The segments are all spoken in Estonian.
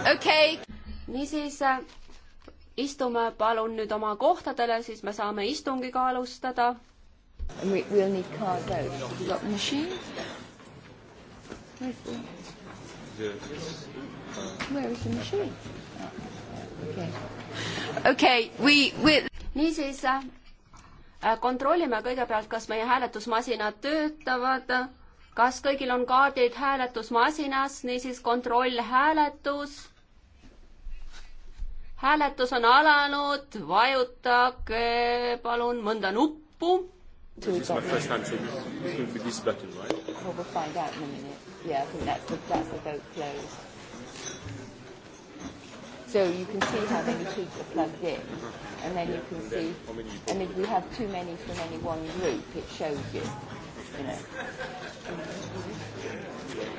okei okay.. niisiis istume palun nüüd oma kohtadele, siis me saame istungiga alustada. We will need cards out. You got machines? Where's the... Where is the machine? Okay. Okay, we will... niisiis Äh, kontrollime kõigepealt, kas meie hääletusmasinad töötavad, kas kõigil on kaardid hääletusmasinas, niisiis kontrollhääletus. hääletus on alanud, vajutage palun mõnda nuppu This is my first time seeing this button, right? Well, we'll find out in a minute. Yeah, I think that's the, that's the vote closed. So you can see how many kids are plugged in, and then you can see. And if you have too many from any one group, it shows you. you know.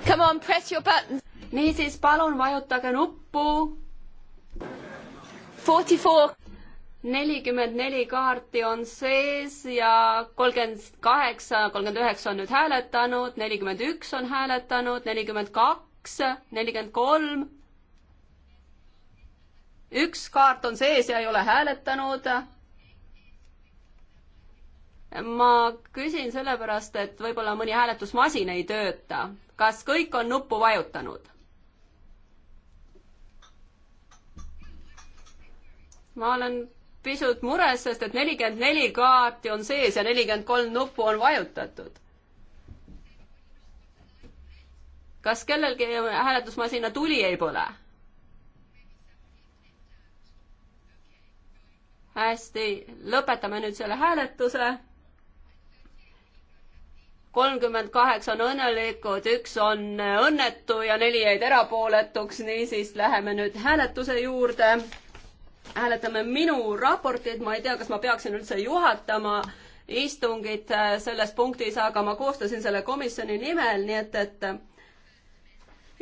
Come on, press your button. niisiis, palun vajutage nuppu. nelikümmend neli kaarti on sees ja kolmkümmend kaheksa, kolmkümmend üheksa on nüüd hääletanud, nelikümmend üks on hääletanud, nelikümmend kaks, nelikümmend kolm üks kaart on sees ja ei ole hääletanud. ma küsin sellepärast, et võib-olla mõni hääletusmasin ei tööta. kas kõik on nuppu vajutanud? ma olen pisut mures, sest et nelikümmend neli kaarti on sees ja nelikümmend kolm nuppu on vajutatud. kas kellelgi hääletusmasina tuli ei põle? hästi, lõpetame nüüd selle hääletuse. kolmkümmend kaheksa on õnnelikud, üks on õnnetu ja neli jäid erapooletuks, niisiis läheme nüüd hääletuse juurde. hääletame minu raportit, ma ei tea, kas ma peaksin üldse juhatama istungit selles punktis, aga ma koostasin selle komisjoni nimel, nii et, et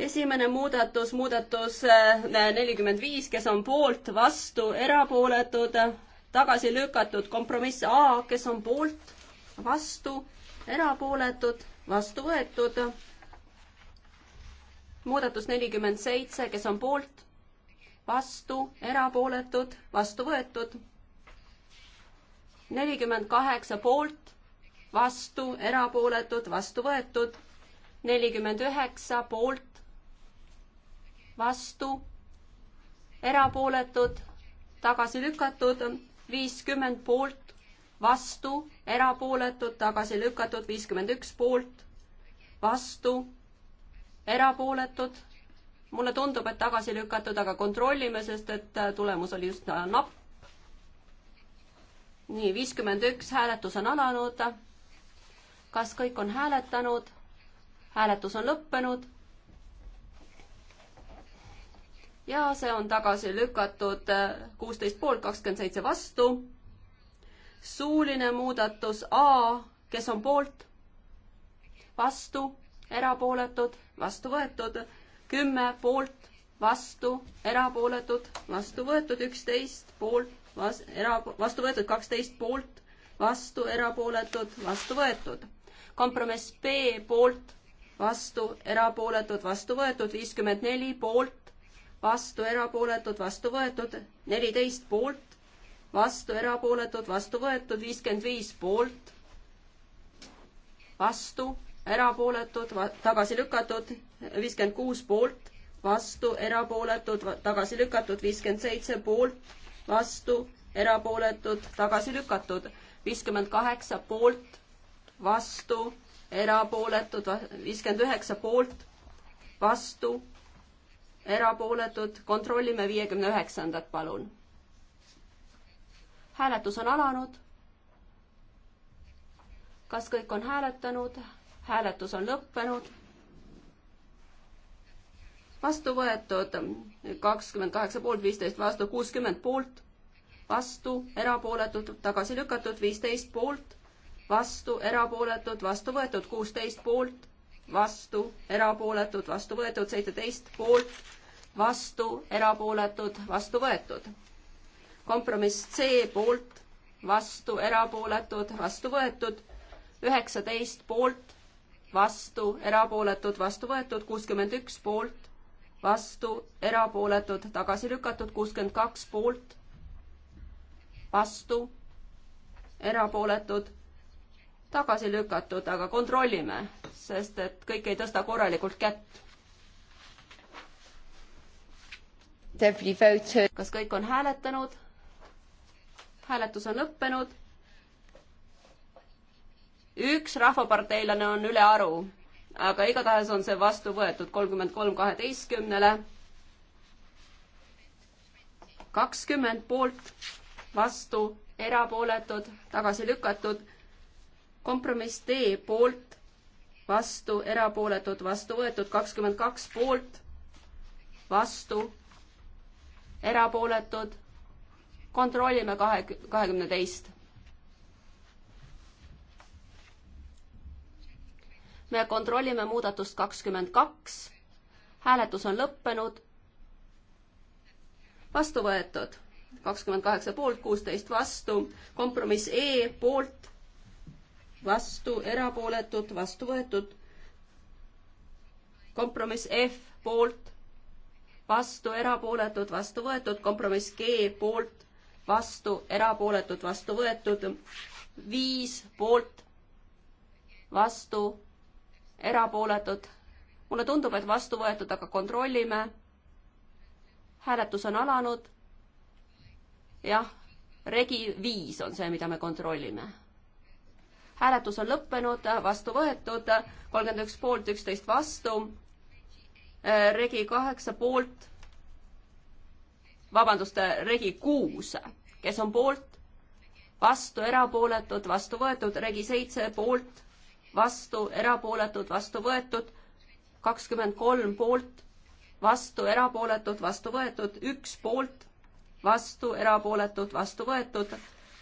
esimene muudatus, muudatus äh, nelikümmend viis, kes on poolt, vastu, erapooletud, tagasi lükatud kompromiss A, kes on poolt, vastu, erapooletud, vastu võetud. muudatus nelikümmend seitse, kes on poolt, vastu, erapooletud, vastu võetud. nelikümmend kaheksa poolt, vastu, erapooletud, vastu võetud. nelikümmend üheksa poolt, vastu, erapooletud, tagasi lükatud viiskümmend poolt, vastu, erapooletud, tagasi lükatud, viiskümmend üks poolt, vastu, erapooletud. mulle tundub, et tagasi lükatud, aga kontrollime, sest et äh, tulemus oli just napp. nii, viiskümmend üks, hääletus on alanud. kas kõik on hääletanud? hääletus on lõppenud ja see on tagasi lükatud äh, kuusteist poolt, kakskümmend seitse vastu. suuline muudatus A, kes on poolt, vastu, erapooletud, vastu võetud, kümme poolt, vastu, erapooletud, vastu võetud, üksteist poolt, vas-, era-, vastu võetud, kaksteist poolt, vastu, erapooletud, vastu võetud. kompromiss B poolt, vastu, erapooletud, vastu võetud, viiskümmend neli poolt, vastu erapooletud, vastu võetud, neliteist poolt, vastu erapooletud, vastu võetud, viiskümmend viis poolt, vastu erapooletud, tagasi lükatud, viiskümmend kuus poolt, vastu erapooletud, tagasi lükatud, viiskümmend seitse poolt, vastu erapooletud, tagasi lükatud, viiskümmend kaheksa poolt, vastu erapooletud, viiskümmend üheksa poolt, vastu erapooletud, kontrollime viiekümne üheksandat, palun. hääletus on alanud. kas kõik on hääletanud? hääletus on lõppenud. vastu võetud kakskümmend kaheksa poolt, viisteist vastu, kuuskümmend poolt, vastu, erapooletud, tagasi lükatud, viisteist poolt, vastu, erapooletud, vastu võetud, kuusteist poolt vastu, erapooletud, vastu võetud, seitseteist poolt, vastu, erapooletud, vastu võetud. kompromiss C poolt, vastu, erapooletud, vastu võetud, üheksateist poolt, vastu, erapooletud, vastu võetud, kuuskümmend üks poolt, vastu, erapooletud, tagasi lükatud, kuuskümmend kaks poolt, vastu, erapooletud, tagasi lükatud, aga kontrollime sest et kõik ei tõsta korralikult kätt. kas kõik on hääletanud? hääletus on lõppenud. üks rahvaparteilane on ülearu, aga igatahes on see vastu võetud kolmkümmend kolm kaheteistkümnele. kakskümmend poolt, vastu, erapooletud, tagasi lükatud kompromiss D poolt vastu, erapooletud, vastu võetud, kakskümmend kaks poolt, vastu, erapooletud, kontrollime kahe, kahekümne teist. me kontrollime muudatust kakskümmend kaks, hääletus on lõppenud, vastu võetud, kakskümmend kaheksa poolt, kuusteist vastu, kompromiss E poolt vastu, erapooletud, vastu võetud. kompromiss F poolt, vastu, erapooletud, vastu võetud, kompromiss G poolt, vastu, erapooletud, vastu võetud, viis poolt, vastu, erapooletud. mulle tundub, et vastu võetud, aga kontrollime. hääletus on alanud. jah, regi viis on see, mida me kontrollime hääletus on lõppenud, vastu võetud, kolmkümmend üks poolt, üksteist vastu. Äh, regi kaheksa poolt, vabandust, äh, regi kuus, kes on poolt, vastu, erapooletud, vastu võetud, regi seitse poolt, vastu, erapooletud, vastu võetud, kakskümmend kolm poolt, vastu, erapooletud, vastu võetud, üks poolt, vastu, erapooletud, vastu võetud,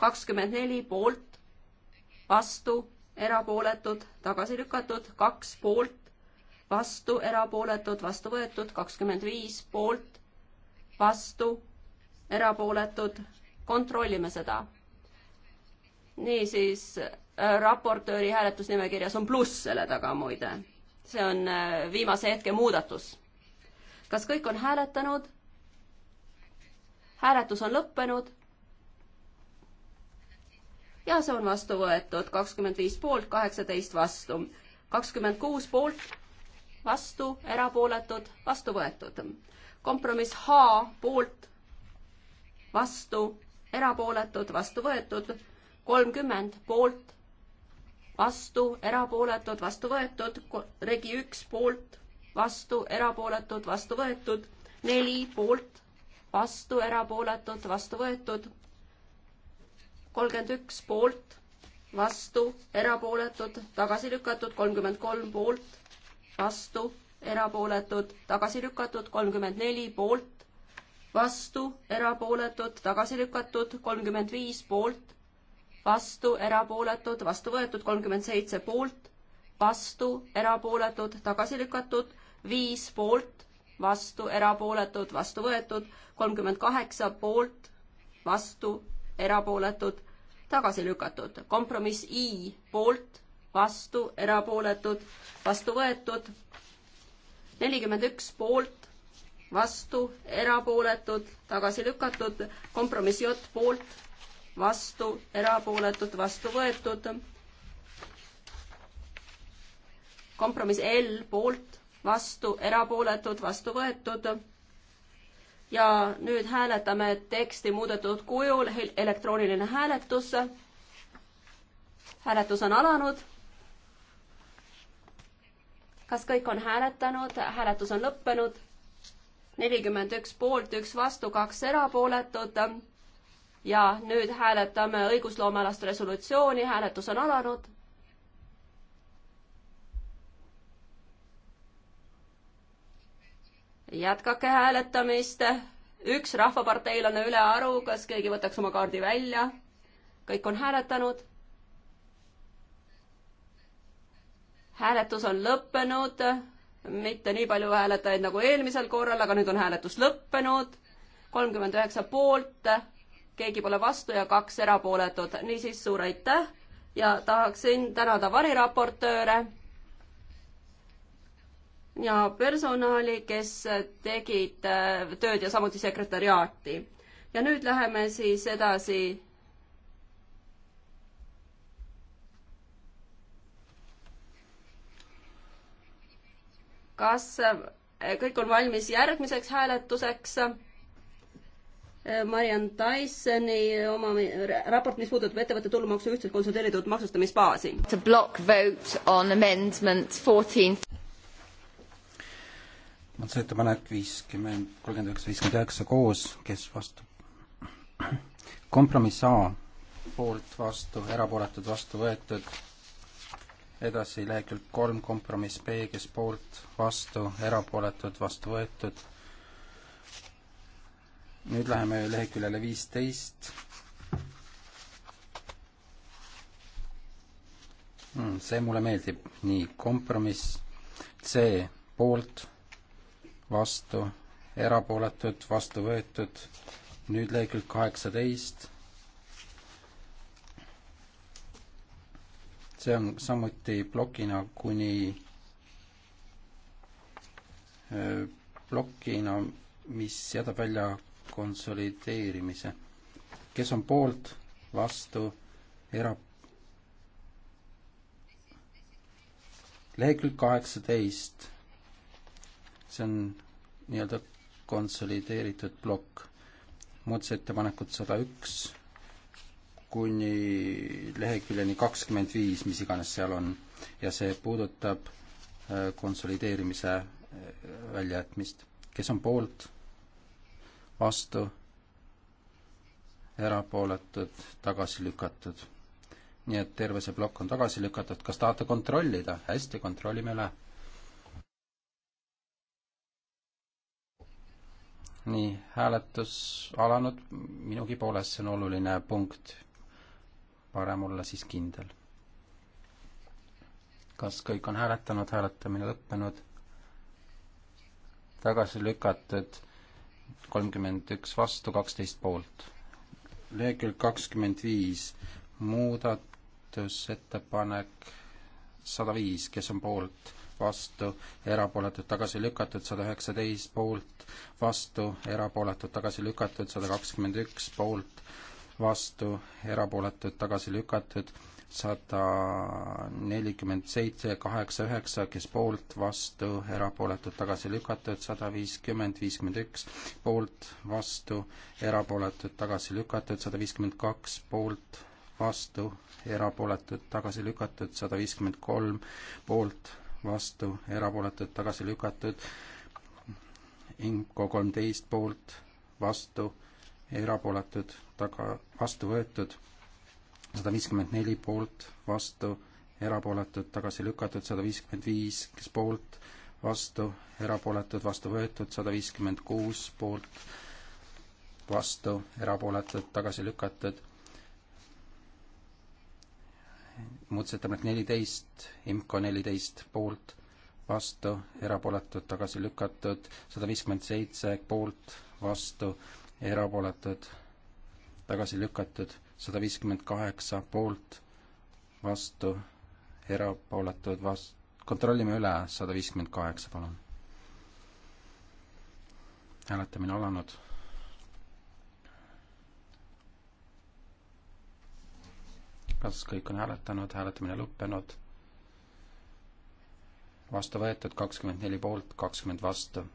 kakskümmend neli poolt, vastu, erapooletud, tagasi lükatud, kaks poolt, vastu, erapooletud, vastu võetud, kakskümmend viis poolt, vastu, erapooletud, kontrollime seda. niisiis, äh, raportööri hääletusnimekirjas on pluss selle taga muide. see on äh, viimase hetke muudatus. kas kõik on hääletanud? hääletus on lõppenud ja see on vastu võetud kakskümmend viis poolt, kaheksateist vastu, kakskümmend kuus poolt, vastu, erapooletud, vastu võetud. kompromiss H poolt, vastu, erapooletud, vastu võetud, kolmkümmend poolt, vastu, erapooletud, vastu võetud, regi üks poolt, vastu, erapooletud, vastu võetud, neli poolt, vastu, erapooletud, vastu võetud kolmkümmend üks poolt, vastu, erapooletud, tagasi lükatud, kolmkümmend kolm poolt, vastu, erapooletud, tagasi lükatud, kolmkümmend neli poolt, vastu, erapooletud, tagasi lükatud, kolmkümmend viis poolt, vastu, erapooletud, vastu võetud, kolmkümmend seitse poolt, vastu, erapooletud, tagasi lükatud, viis poolt, vastu, erapooletud, vastu võetud, kolmkümmend kaheksa poolt, vastu, erapooletud, tagasi lükatud. kompromiss I poolt, vastu, erapooletud, vastu võetud. nelikümmend üks poolt, vastu, erapooletud, tagasi lükatud. kompromiss J poolt, vastu, erapooletud, vastu võetud. kompromiss L poolt, vastu, erapooletud, vastu võetud ja nüüd hääletame teksti muudetud kujul, elektrooniline hääletus. hääletus on alanud. kas kõik on hääletanud, hääletus on lõppenud? nelikümmend üks poolt, üks vastu, kaks erapooletut. ja nüüd hääletame õigusloomealast resolutsiooni, hääletus on alanud jätkake hääletamist. üks rahvaparteilane ülearu, kas keegi võtaks oma kaardi välja? kõik on hääletanud. hääletus on lõppenud, mitte nii palju hääletajaid nagu eelmisel korral, aga nüüd on hääletus lõppenud. kolmkümmend üheksa poolt, keegi pole vastu ja kaks erapooletut, niisiis suur aitäh ja tahaksin tänada variraportööre ja personali, kes tegid äh, tööd ja samuti sekretariaati. ja nüüd läheme siis edasi. kas äh, kõik on valmis järgmiseks hääletuseks? Äh, Mariann Tysoni oma raport, mis puudutab ettevõtte tulumaksu ühtset konsolideeritud maksustamisbaasi. To block vote on amendment fourteen 14 muudatusettepanek viiskümmend, kolmkümmend üheksa, viiskümmend üheksa koos, kes vastu? kompromiss A, poolt vastu, erapooletud vastu võetud, edasi lehekülg kolm, kompromiss B, kes poolt, vastu, erapooletud, vastu võetud. nüüd läheme leheküljele viisteist mm,. see mulle meeldib, nii, kompromiss C, poolt vastu, erapooletud, vastu võetud. nüüd lõikelt kaheksateist. see on samuti plokina kuni plokina, mis jätab välja konsolideerimise. kes on poolt, vastu, era-, lehekülg kaheksateist see on nii-öelda konsolideeritud plokk. muudatusettepanekud sada üks kuni leheküljeni kakskümmend viis, mis iganes seal on, ja see puudutab äh, konsolideerimise äh, väljajätmist. kes on poolt, vastu, erapooletud, tagasi lükatud. nii et terve see plokk on tagasi lükatud, kas tahate kontrollida? hästi, kontrollime üle nii hääletus alanud, minugi poolest see on oluline punkt. parem olla siis kindel. kas kõik on hääletanud, hääletamine lõppenud? tagasi lükatud kolmkümmend üks vastu, kaksteist poolt. lehekülg kakskümmend viis, muudatusettepanek sada viis, kes on poolt vastu, erapooletud, tagasi lükatud, sada üheksateist poolt, vastu, erapooletud, tagasi lükatud, sada kakskümmend üks poolt, vastu, erapooletud, tagasi lükatud, sada nelikümmend seitse, kaheksa, üheksa, kes poolt, vastu, erapooletud, tagasi lükatud, sada viiskümmend, viiskümmend üks, poolt, vastu, erapooletud, tagasi lükatud, sada viiskümmend kaks, poolt, vastu, erapooletud, tagasi lükatud, sada viiskümmend kolm, poolt, vastu, erapooletud, tagasi lükatud. Inko kolmteist poolt, vastu, erapooletud, taga, vastu võetud. sada viiskümmend neli poolt, vastu, erapooletud, tagasi lükatud, sada viiskümmend viis, kes poolt, vastu, erapooletud, vastu võetud, sada viiskümmend kuus poolt, vastu, erapooletud, tagasi lükatud muudatusettepanek neliteist, IMCO neliteist poolt, vastu, erapooletud, tagasi lükatud, sada viiskümmend seitse poolt, vastu, erapooletud, tagasi lükatud, sada viiskümmend kaheksa poolt, vastu, erapooletud, vas-, kontrollime üle, sada viiskümmend kaheksa, palun. hääletamine alanud kas kõik on hääletanud, hääletamine lõppenud, vastu võetud kakskümmend neli poolt, kakskümmend vastu.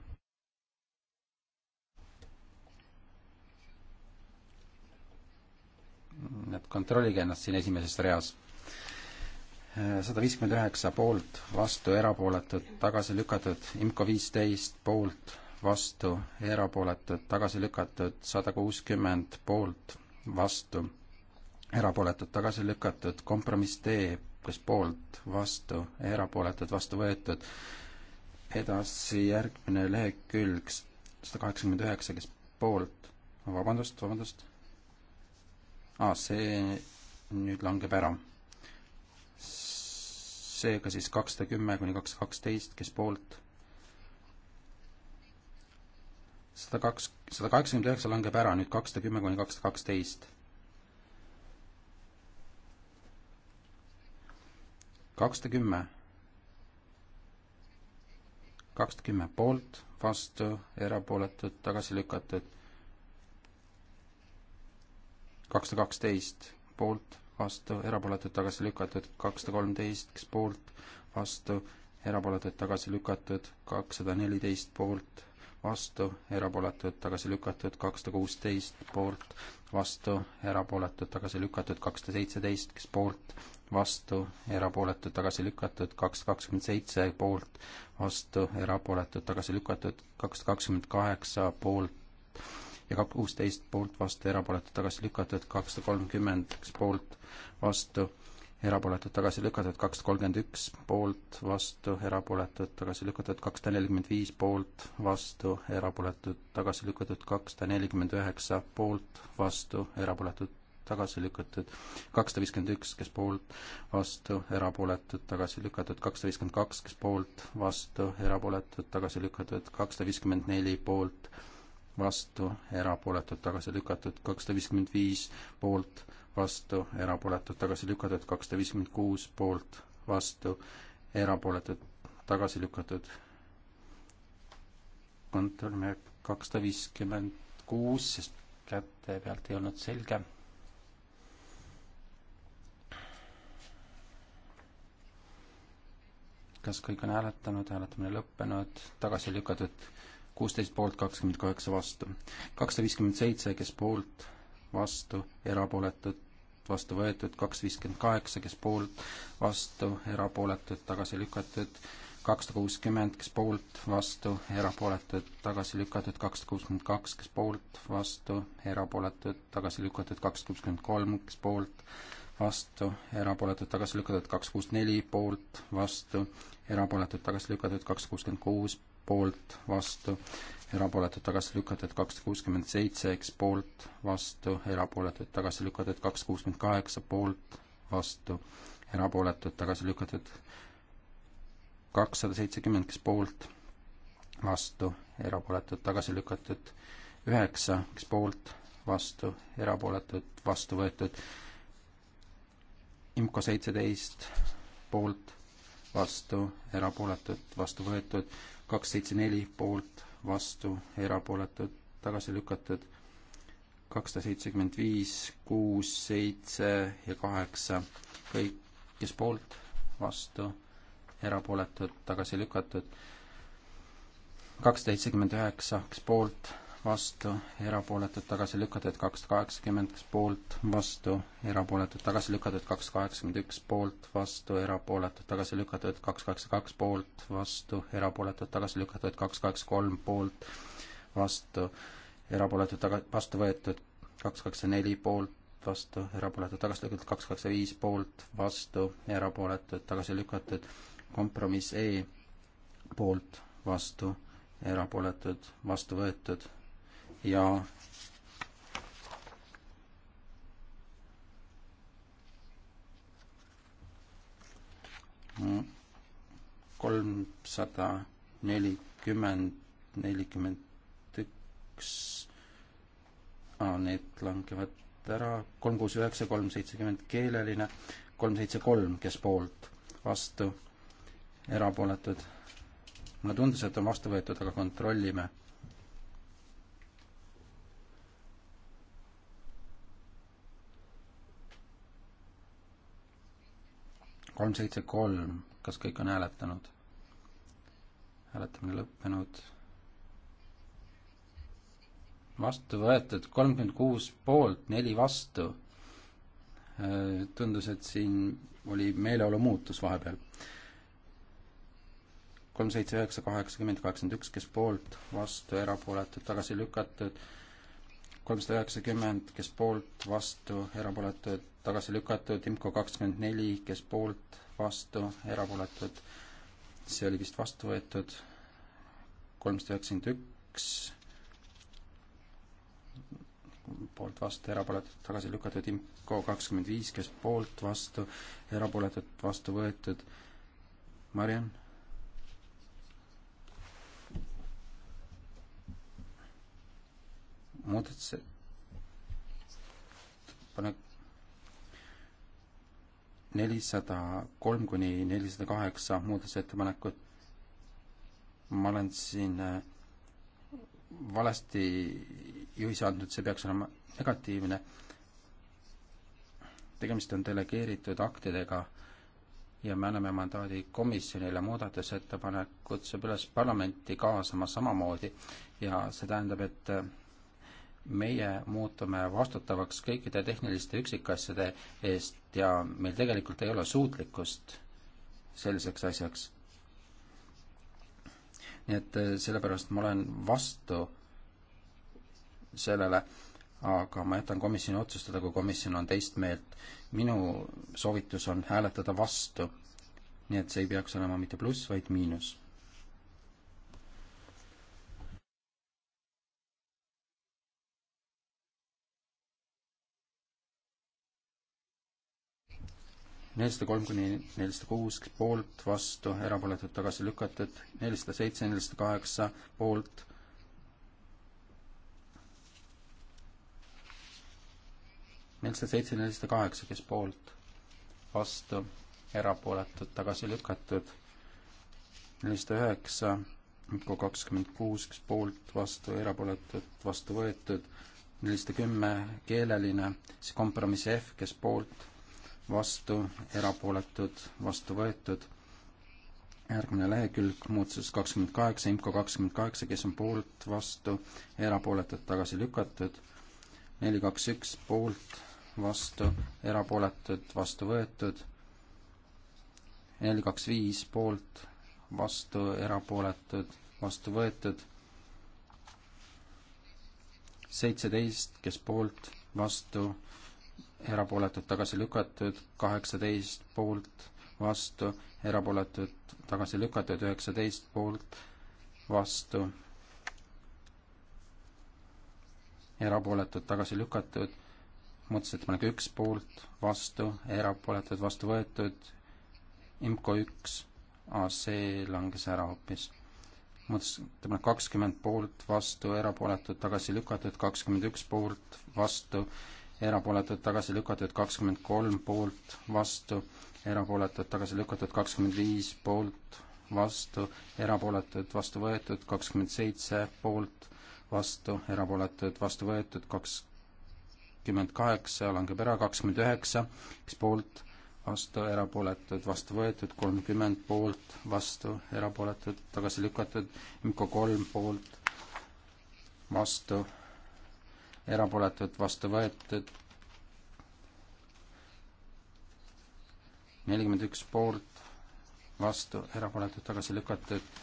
et kontrollige ennast siin esimeses reas. sada viiskümmend üheksa poolt, vastu, erapooletud, tagasi lükatud, IMCO viisteist poolt, vastu, erapooletud, tagasi lükatud, sada kuuskümmend poolt, vastu erapooletud tagasi lükatud, kompromiss D, kes poolt, vastu, erapooletud, vastu võetud. edasi järgmine lehekülg sada kaheksakümmend üheksa, kes poolt, vabandust, vabandust. aa, see nüüd langeb ära. seega siis kakssada kümme kuni kakssada kaksteist, kes poolt sada kaks, sada kaheksakümmend üheksa langeb ära, nüüd kakssada kümme kuni kakssada kaksteist. kakssada kümme. kakssada kümme poolt, vastu, erapooletud, tagasi lükatud. kakssada kaksteist poolt, vastu, erapooletud, tagasi lükatud. kakssada kolmteist, kes poolt, vastu, erapooletud, tagasi lükatud. kakssada neliteist poolt, vastu, erapooletud, tagasi lükatud. kakssada kuusteist poolt, vastu, erapooletud, tagasi lükatud, kakssada seitseteist, kes poolt, vastu, erapooletud, tagasi lükatud, kaks kakskümmend seitse poolt, vastu, erapooletud, tagasi lükatud, kaks kakskümmend kaheksa poolt ja kaks kuusteist poolt, vastu, erapooletud, tagasi lükatud, kakssada kolmkümmend, eks poolt, vastu, erapooletud tagasi lükatud, kakssada kolmkümmend üks poolt, vastu, erapooletud tagasi lükatud, kakssada nelikümmend viis poolt, vastu, erapooletud tagasi lükatud, kakssada nelikümmend üheksa poolt, vastu, erapooletud tagasi lükatud, kakssada viiskümmend üks, kes poolt, vastu, erapooletud, tagasi lükatud, kakssada viiskümmend kaks, kes poolt, vastu, erapooletud, tagasi lükatud, kakssada viiskümmend neli poolt, vastu, erapooletud, tagasi lükatud, kakssada viiskümmend viis poolt, vastu, erapooletud, tagasi lükatud, kakssada viiskümmend kuus poolt, vastu, erapooletud, tagasi lükatud. kontorme kakssada viiskümmend kuus, sest käte pealt ei olnud selge. kas kõik on hääletanud, hääletamine lõppenud, tagasi lükatud kuusteist poolt, kakskümmend kaheksa vastu. kakssada viiskümmend seitse, kes poolt, vastu, erapooletud, vastu võetud, kaks viiskümmend kaheksa, kes poolt, vastu, erapooletud, tagasi lükatud, kakssada kuuskümmend, kes poolt, vastu, erapooletud, tagasi lükatud, kakssada kuuskümmend kaks, kes poolt, vastu, erapooletud, tagasi lükatud, kakssada kuuskümmend kolm, kes poolt, vastu, erapooletud tagasi lükatud kaks kuus neli, poolt, vastu, erapooletud tagasi lükatud kaks kuuskümmend kuus, poolt, vastu, erapooletud, tagasi lükatud, kakssada kuuskümmend seitse, eks poolt, vastu, erapooletud, tagasi lükatud, kaks kuuskümmend kaheksa, poolt, vastu, erapooletud, tagasi lükatud, kakssada seitsekümmend, kes poolt, vastu, erapooletud, tagasi lükatud, üheksa, kes poolt, vastu, erapooletud, vastu võetud, IMCO seitseteist, poolt, vastu, erapooletud, vastu võetud, kaks, seitse, neli poolt, vastu, erapooletud, tagasi lükatud, kakssada seitsekümmend viis, kuus, seitse ja kaheksa, kõik, kes poolt, vastu, erapooletud, tagasi lükatud, kakssada seitsekümmend üheksa, kes poolt, vastu, erapooletud, tagasi lükatud, kaks kaheksakümmend poolt, vastu, erapooletud, tagasi lükatud, kaks kaheksakümmend üks poolt, vastu, erapooletud, tagasi lükatud, kaks kaheksa kaks poolt, vastu, erapooletud, tagasi lükatud, kaks kaheksa kolm poolt, vastu, erapooletud, taga-, vastu võetud, kaks kaheksa neli poolt, vastu, erapooletud, tagasi lükatud, kaks kaheksa viis poolt, vastu, erapooletud, tagasi lükatud, kompromiss E poolt, vastu, erapooletud, vastu võetud ja kolmsada nelikümmend, nelikümmend üks, need langevad ära, kolm, kuus, üheksa, kolm, seitsekümmend keeleline, kolm, seitse, kolm, kes poolt, vastu, erapooletud. mulle tundus, et on vastu võetud, aga kontrollime kolm, seitse, kolm, kas kõik on hääletanud? hääletamine lõppenud. vastu võetud kolmkümmend kuus poolt, neli vastu. Äh, tundus, et siin oli meeleolu muutus vahepeal. kolm, seitse, üheksa, kaheksakümmend, kaheksakümmend üks, kes poolt, vastu, erapooletud, tagasi lükatud kolmsada üheksakümmend, kes poolt, vastu, erapooletud, tagasi lükatud, IMCO kakskümmend neli, kes poolt, vastu, erapooletud, see oli vist vastu võetud, kolmsada üheksakümmend üks, poolt, vastu, erapooletud, tagasi lükatud, IMCO kakskümmend viis, kes poolt, vastu, erapooletud, vastu võetud, Mariann muudatuse panek nelisada kolm kuni nelisada kaheksa muudatusettepanekut. ma olen siin äh, valesti juhise andnud, see peaks olema negatiivne. tegemist on delegeeritud aktidega ja me anname mandaadi komisjonile muudatusettepanekut, kutsume üles parlamenti kaasama samamoodi ja see tähendab, et äh, meie muutume vastutavaks kõikide tehniliste üksikasjade eest ja meil tegelikult ei ole suutlikkust selliseks asjaks. nii et äh, sellepärast ma olen vastu sellele, aga ma jätan komisjoni otsustada, kui komisjon on teist meelt. minu soovitus on hääletada vastu. nii et see ei peaks olema mitte pluss, vaid miinus nelisada kolm kuni nelisada kuus poolt, vastu, erapooletud, tagasi lükatud, nelisada seitse, nelisada kaheksa poolt, nelisada seitse, nelisada kaheksa, kes poolt, vastu, erapooletud, tagasi lükatud, nelisada üheksa, kokku kakskümmend kuus, kes poolt, vastu, erapooletud, vastu võetud, nelisada kümme, keeleline, siis kompromiss F, kes poolt vastu, erapooletud, vastu võetud. järgmine lehekülg, muudatus kakskümmend kaheksa, IMCO kakskümmend kaheksa, kes on poolt, vastu, erapooletud, tagasi lükatud. neli, kaks, üks, poolt, vastu, erapooletud, vastu võetud. neli, kaks, viis, poolt, vastu, erapooletud, vastu võetud. seitseteist, kes poolt, vastu, erapooletud tagasi lükatud, kaheksateist poolt, vastu, erapooletud tagasi lükatud, üheksateist poolt, vastu, erapooletud tagasi lükatud, muudatusettepanek üks poolt, vastu, erapooletud, vastu võetud, IMCO üks, AC langes ära hoopis muudatusettepanek kakskümmend poolt, vastu, erapooletud, tagasi lükatud, kakskümmend üks poolt, vastu, erapooletud tagasi lükatud kakskümmend kolm poolt, vastu, erapooletud tagasi lükatud kakskümmend viis poolt, vastu, erapooletud vastu võetud kakskümmend seitse poolt, vastu, erapooletud vastu võetud kakskümmend kaheksa, langeb ära kakskümmend üheksa, üks poolt, vastu, erapooletud vastu võetud kolmkümmend poolt, vastu, erapooletud tagasi lükatud, kolm poolt, vastu, erapooletud, vastu võetud. nelikümmend üks poolt, vastu, erapooletud, tagasi lükatud.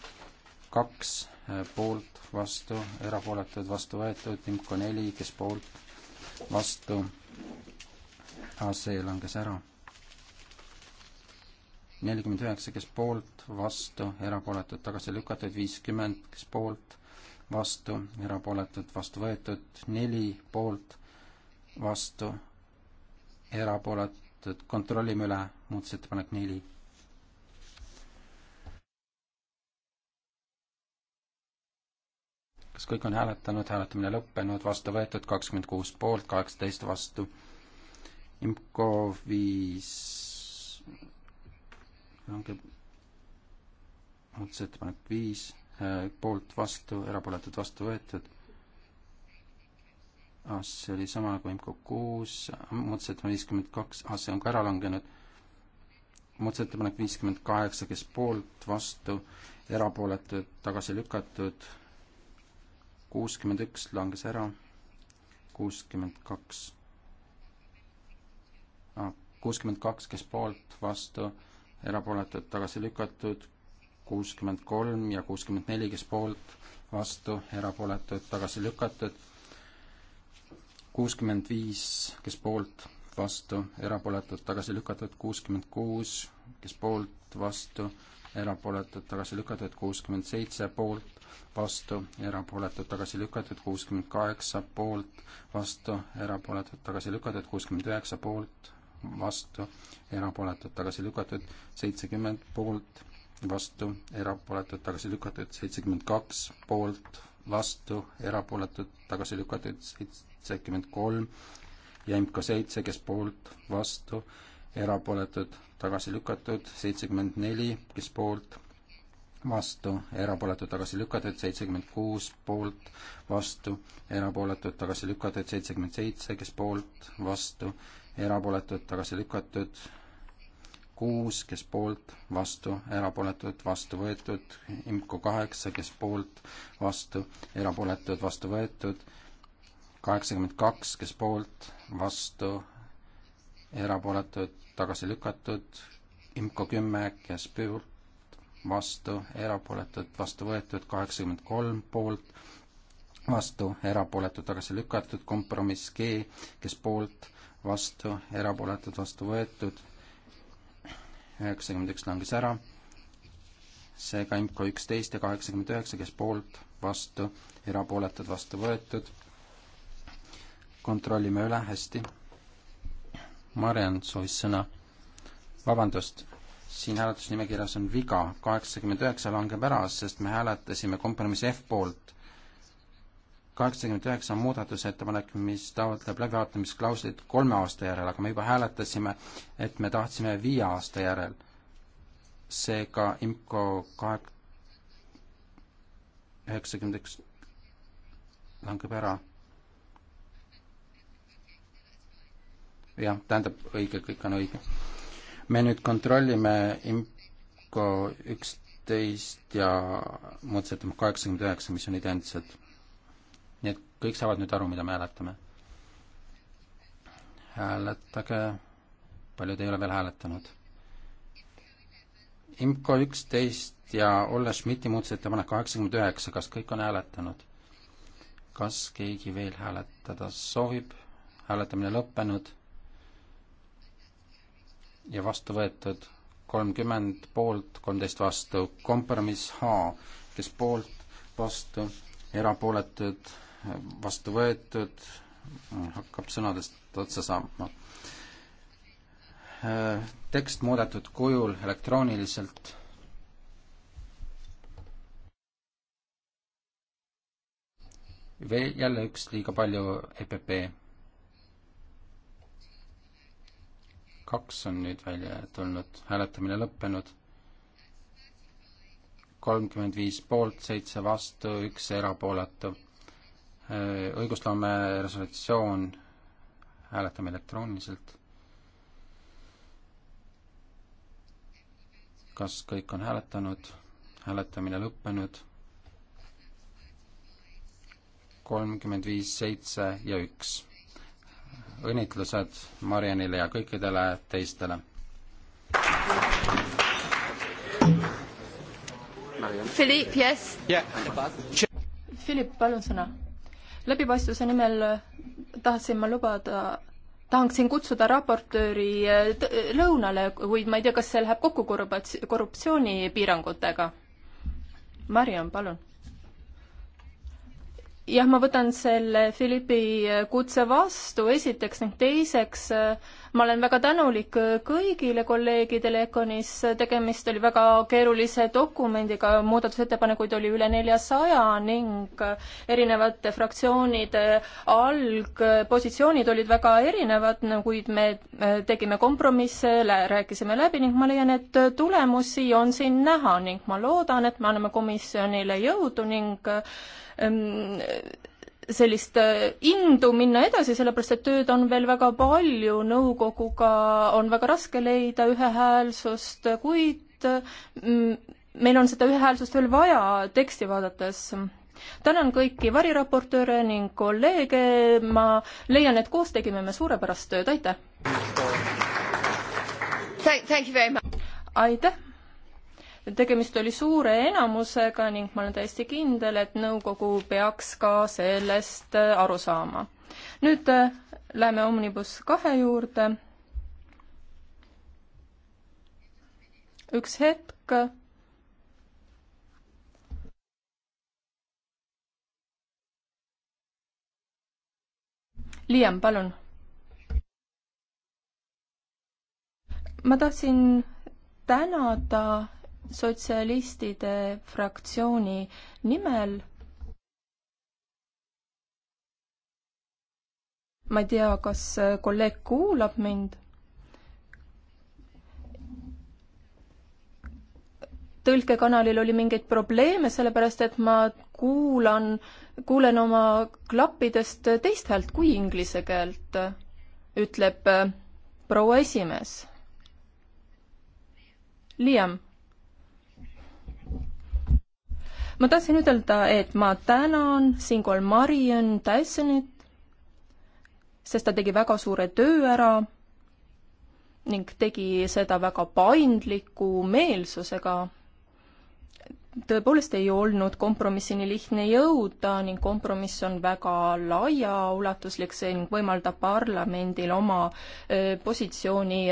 kaks äh, poolt, vastu, erapooletud, vastu võetud, imko neli, kes poolt, vastu. see langes ära nelikümmend üheksa, kes poolt, vastu, erapooletud, tagasi lükatud, viiskümmend, kes poolt, vastu, erapooletud, vastu võetud, neli poolt, vastu, erapooletud, kontrollime üle, muudatusettepanek neli. kas kõik on hääletanud, hääletamine lõppenud, vastu võetud, kakskümmend kuus poolt, kaheksateist vastu. IMCO viis langeb muudatusettepanek viis Äh, poolt vastu, erapooletud vastu võetud. see oli sama nagu IMCO kuus, muudatusettepanek viiskümmend kaks, see on ka ära langenud. muudatusettepanek viiskümmend kaheksa, kes poolt, vastu, erapooletud, tagasi lükatud. kuuskümmend üks langes ära, kuuskümmend kaks. Ah, kuuskümmend kaks, kes poolt, vastu, erapooletud, tagasi lükatud kuuskümmend kolm ja kuuskümmend neli, kes poolt, vastu, erapooletud, tagasi lükatud, kuuskümmend viis, kes poolt, vastu, erapooletud, tagasi lükatud, kuuskümmend kuus, kes poolt, vastu, erapooletud, tagasi lükatud, kuuskümmend seitse poolt, vastu, erapooletud, tagasi lükatud, kuuskümmend kaheksa poolt, vastu, erapooletud, tagasi lükatud, kuuskümmend üheksa poolt, vastu, erapooletud, tagasi lükatud, seitsekümmend poolt, vastu, erapooletud, tagasi lükatud, seitsekümmend kaks poolt, vastu, erapooletud, tagasi lükatud, seitsekümmend kolm, ja MK seitse, kes poolt, vastu, erapooletud, tagasi lükatud, seitsekümmend neli, kes poolt, vastu, erapooletud, tagasi lükatud, seitsekümmend kuus, poolt, vastu, erapooletud, tagasi lükatud, seitsekümmend seitse, kes poolt, vastu, erapooletud, tagasi lükatud, kuus, kes poolt, vastu, erapooletud, vastu võetud, IMCO kaheksa, kes poolt, vastu, erapooletud, vastu võetud, kaheksakümmend kaks, kes poolt, vastu, erapooletud, tagasi lükatud, IMCO kümme, kes poolt, vastu, erapooletud, vastu võetud, kaheksakümmend kolm poolt, vastu, erapooletud, tagasi lükatud, kompromiss G, kes poolt, vastu, erapooletud, vastu võetud, üheksakümmend üks langes ära, seega IMCO üksteist ja kaheksakümmend üheksa, kes poolt, vastu, erapooletud, vastu võetud. kontrollime üle, hästi. Mariann soovis sõna. vabandust, siin hääletusnimekirjas on viga, kaheksakümmend üheksa langeb ära, sest me hääletasime kompromissi F poolt kaheksakümmend üheksa muudatusettepanek, mis taotleb läbivaatamisklauslit kolme aasta järel, aga me juba hääletasime, et me tahtsime viie aasta järel. seega IMCO kahe, üheksakümmend üks langeb ära. jah, tähendab, õige, kõik on õige. me nüüd kontrollime IMCO üksteist ja muudatusettepanek kaheksakümmend üheksa, mis on identsed nii et kõik saavad nüüd aru, mida me hääletame. hääletage, paljud ei ole veel hääletanud. IMCO üksteist ja Olle Schmidti muudatusettepanek kaheksakümmend üheksa, kas kõik on hääletanud? kas keegi veel hääletada soovib? hääletamine lõppenud ja vastu võetud kolmkümmend poolt, kolmteist vastu, kompromiss H, kes poolt, vastu, erapooletud vastu võetud, hakkab sõnadest otsa saama. tekst muudetud kujul elektrooniliselt. veel jälle üks liiga palju EPP. kaks on nüüd välja tulnud, hääletamine lõppenud kolmkümmend viis poolt, seitse vastu, üks erapooletu. Äh, õigusloome resolutsioon, hääletame elektrooniliselt. kas kõik on hääletanud? hääletamine lõppenud. kolmkümmend viis, seitse ja üks. õnnitlused Marianile ja kõikidele teistele. Philippe, yes yeah.? Philippe, palun sõna läbipaistvuse nimel tahtsin ma lubada, tahaksin kutsuda raportööri eh, lõunale, kuid ma ei tea, kas see läheb kokku korruptsioonipiirangutega. Mariann, palun jah, ma võtan selle Philippi äh, kutse vastu esiteks ning teiseks äh, ma olen väga tänulik äh, kõigile kolleegidele Econis, tegemist oli väga keerulise dokumendiga, muudatusettepanekuid oli üle neljasaja ning erinevate fraktsioonide algpositsioonid olid väga erinevad, kuid me tegime kompromisse, rääkisime läbi ning ma leian, et tulemusi on siin näha ning ma loodan, et me anname komisjonile jõudu ning Ehm, sellist äh, indu minna edasi, sellepärast et tööd on veel väga palju, nõukoguga on väga raske leida ühehäälsust, kuid mm, meil on seda ühehäälsust veel vaja teksti vaadates tänan kõiki variraportööre ning kolleege, ma leian, et koos tegime me suurepärast tööd, aitäh! aitäh! tegemist oli suure enamusega ning ma olen täiesti kindel, et nõukogu peaks ka sellest äh, aru saama. nüüd äh, läheme Omnibus kahe juurde. üks hetk. Liam, palun. ma tahtsin tänada sotsialistide fraktsiooni nimel. ma ei tea, kas kolleeg kuulab mind tõlkekanalil oli mingeid probleeme, sellepärast et ma kuulan, kuulen oma klappidest teist häält kui inglise keelt, ütleb proua esimees. Liam ma tahtsin ütelda, et ma tänan siinkohal Marion Tysonit, sest ta tegi väga suure töö ära ning tegi seda väga paindliku meelsusega. tõepoolest ei olnud kompromissini lihtne jõuda ning kompromiss on väga laiaulatuslik, see ning võimaldab parlamendil oma positsiooni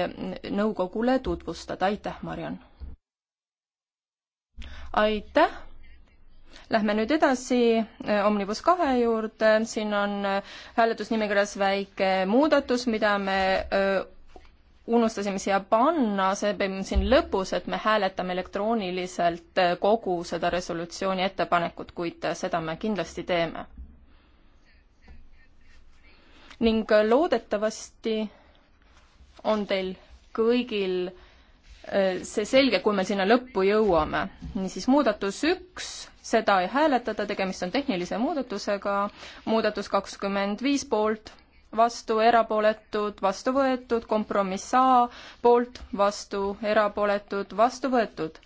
nõukogule tutvustada, aitäh, Mariann! aitäh! Lähme nüüd edasi äh, Omnibus kahe juurde, siin on äh, hääletusnimekirjas väike muudatus, mida me öö, äh, unustasime siia panna, see peab siin lõpus, et me hääletame elektrooniliselt kogu seda resolutsiooni ettepanekut, kuid seda me kindlasti teeme. ning loodetavasti on teil kõigil Äh, see selge, kui me sinna lõppu jõuame. niisiis, muudatus üks, seda ei hääletata, tegemist on tehnilise muudatusega, muudatus kakskümmend viis poolt, vastu erapooletud, vastu võetud, kompromiss A poolt, vastu erapooletud, vastu võetud.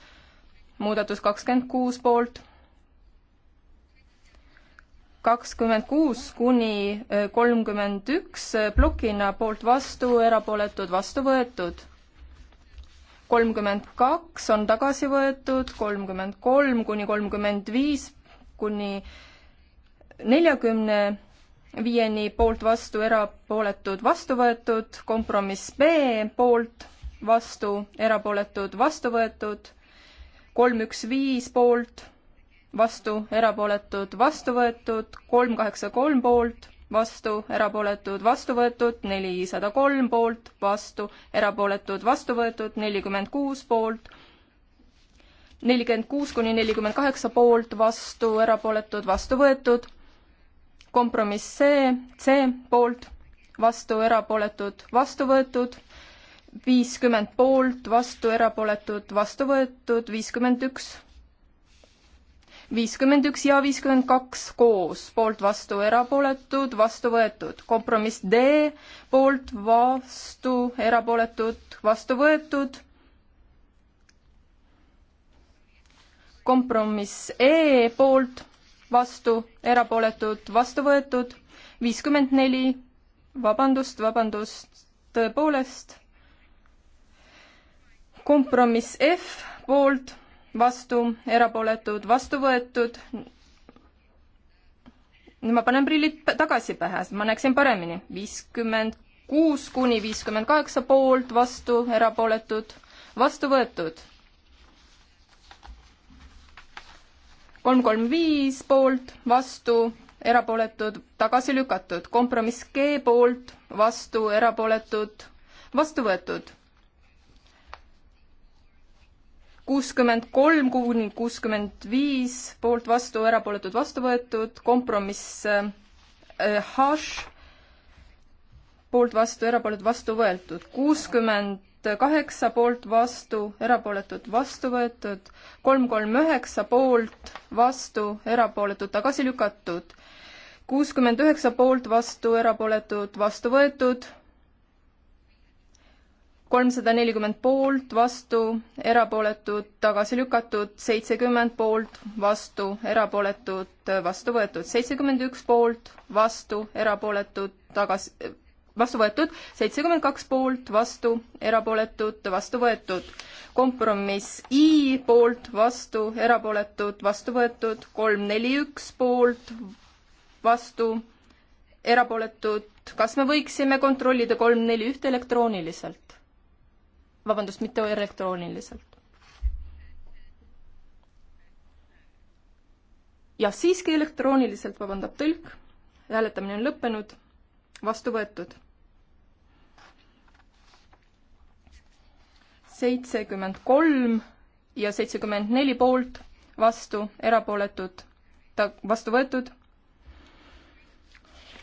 muudatus kakskümmend kuus poolt, kakskümmend kuus kuni äh, kolmkümmend üks äh, plokina poolt vastu, erapooletud, vastu võetud kolmkümmend kaks on tagasi võetud, kolmkümmend kolm kuni kolmkümmend viis kuni neljakümne viieni poolt vastu, erapooletud vastu võetud, kompromiss B poolt vastu, erapooletud vastu võetud, kolm üks viis poolt vastu, erapooletud vastu võetud, kolm kaheksa kolm poolt vastu, erapooletud, vastu võetud, nelisada kolm poolt, vastu, erapooletud, vastu võetud, nelikümmend kuus poolt, nelikümmend kuus kuni nelikümmend kaheksa poolt, vastu, erapooletud, vastu võetud, kompromiss C, C poolt, vastu, erapooletud, vastu võetud, viiskümmend poolt, vastu, erapooletud, vastu võetud, viiskümmend üks viiskümmend üks ja viiskümmend kaks koos, poolt vastu erapooletud, vastu võetud. kompromiss D, poolt vastu erapooletud, vastu võetud. kompromiss E, poolt vastu erapooletud, vastu võetud. viiskümmend neli, vabandust, vabandust, tõepoolest. kompromiss F, poolt vastu, erapooletud, vastu võetud. nüüd ma panen prillid tagasi pähe, sest ma näeksin paremini. viiskümmend kuus kuni viiskümmend kaheksa poolt, vastu, erapooletud, vastu võetud. kolm, kolm, viis poolt, vastu, erapooletud, tagasi lükatud. kompromiss G poolt, vastu, erapooletud, vastu võetud kuuskümmend kolm kuni kuuskümmend viis poolt vastu, erapooletud vastu võetud, kompromiss äh, äh, hash poolt vastu, erapooletud vastu võetud, kuuskümmend kaheksa poolt vastu, erapooletud vastu võetud, kolm kolm üheksa poolt vastu, erapooletud tagasi lükatud, kuuskümmend üheksa poolt vastu, erapooletud vastu võetud, kolmsada nelikümmend poolt, vastu, erapooletud, tagasi lükatud, seitsekümmend poolt, vastu, erapooletud, vastu võetud, seitsekümmend üks poolt, vastu, erapooletud, tagasi, vastu võetud, seitsekümmend kaks poolt, vastu, erapooletud, vastu võetud. kompromiss I poolt, vastu, erapooletud, vastu võetud, kolm, neli, üks poolt, vastu, erapooletud, kas me võiksime kontrollida kolm, neli, ühte elektrooniliselt? vabandust, mitte elektrooniliselt. ja siiski elektrooniliselt, vabandab tõlk, hääletamine on lõppenud, vastu võetud. seitsekümmend kolm ja seitsekümmend neli poolt, vastu, erapooletud, ta vastu võetud,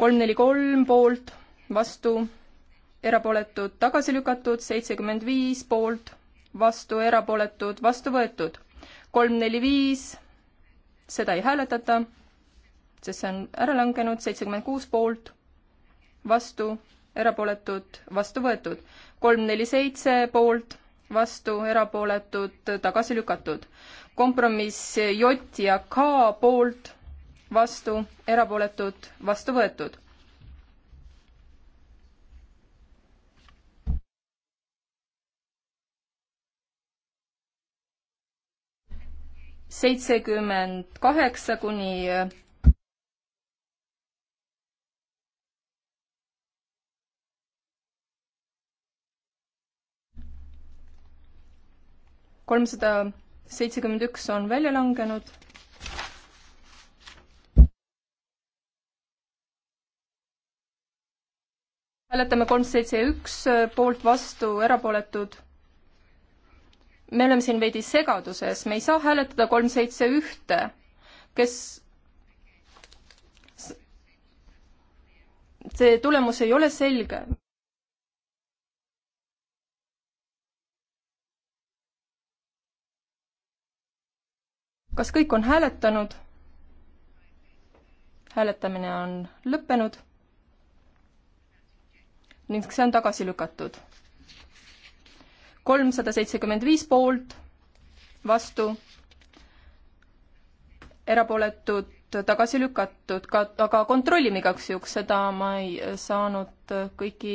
kolm, neli, kolm poolt, vastu erapooletud tagasi lükatud, seitsekümmend viis poolt, vastu erapooletud, vastu võetud. kolm, neli, viis, seda ei hääletata, sest see on ära langenud, seitsekümmend kuus poolt, vastu, erapooletud, vastu võetud. kolm, neli, seitse poolt, vastu, erapooletud, tagasi lükatud. kompromiss J ja K poolt, vastu, erapooletud, vastu võetud seitsekümmend kaheksa kuni kolmsada seitsekümmend üks on välja langenud. hääletame kolm, seitse, üks, poolt, vastu, erapooletud me oleme siin veidi segaduses, me ei saa hääletada kolm seitse ühte, kes see tulemus ei ole selge. kas kõik on hääletanud? hääletamine on lõppenud ning see on tagasi lükatud kolmsada seitsekümmend viis poolt, vastu, erapooletud, tagasi lükatud, ka, aga kontrollime igaks juhuks, seda ma ei saanud kõiki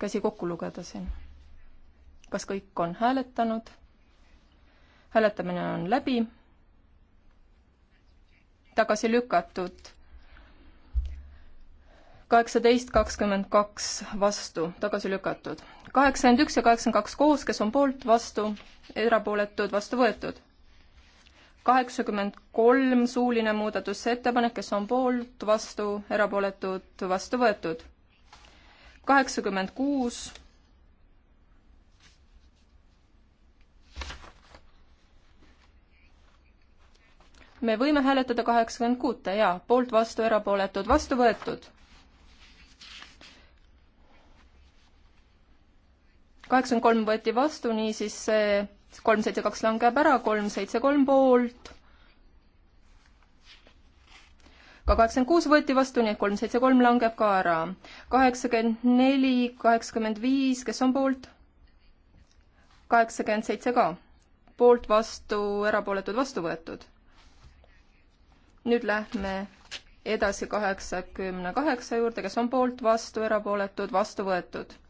käsi kokku lugeda siin. kas kõik on hääletanud? hääletamine on läbi. tagasi lükatud kaheksateist kakskümmend kaks vastu, tagasi lükatud kaheksakümmend üks ja kaheksakümmend kaks koos, kes on poolt, vastu, erapooletud, vastu võetud. kaheksakümmend kolm suuline muudatusettepanek, kes on poolt, vastu, erapooletud, vastu võetud. kaheksakümmend kuus me võime hääletada kaheksakümmend kuute ja poolt, vastu, erapooletud, vastu võetud kaheksakümmend kolm võeti vastu, niisiis see kolm, seitse, kaks langeb ära, kolm, seitse, kolm poolt. ka kaheksakümmend kuus võeti vastu, nii et kolm, seitse, kolm langeb ka ära. kaheksakümmend neli, kaheksakümmend viis, kes on poolt? kaheksakümmend seitse ka. poolt, vastu, erapooletud, vastu võetud. nüüd lähme edasi kaheksakümne kaheksa juurde, kes on poolt, vastu, erapooletud, vastu võetud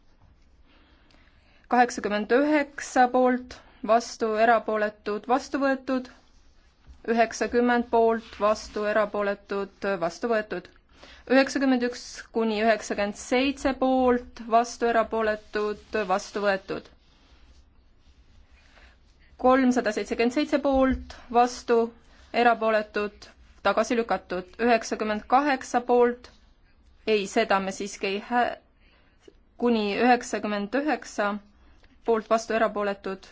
kaheksakümmend üheksa poolt, vastu, erapooletud, vastu võetud, üheksakümmend poolt, vastu, erapooletud, vastu võetud, üheksakümmend üks kuni üheksakümmend seitse poolt, vastu, erapooletud, vastu võetud, kolmsada seitsekümmend seitse poolt, vastu, erapooletud, tagasi lükatud, üheksakümmend kaheksa poolt, ei, seda me siiski ei hää-, kuni üheksakümmend üheksa poolt, vastu, erapooletud.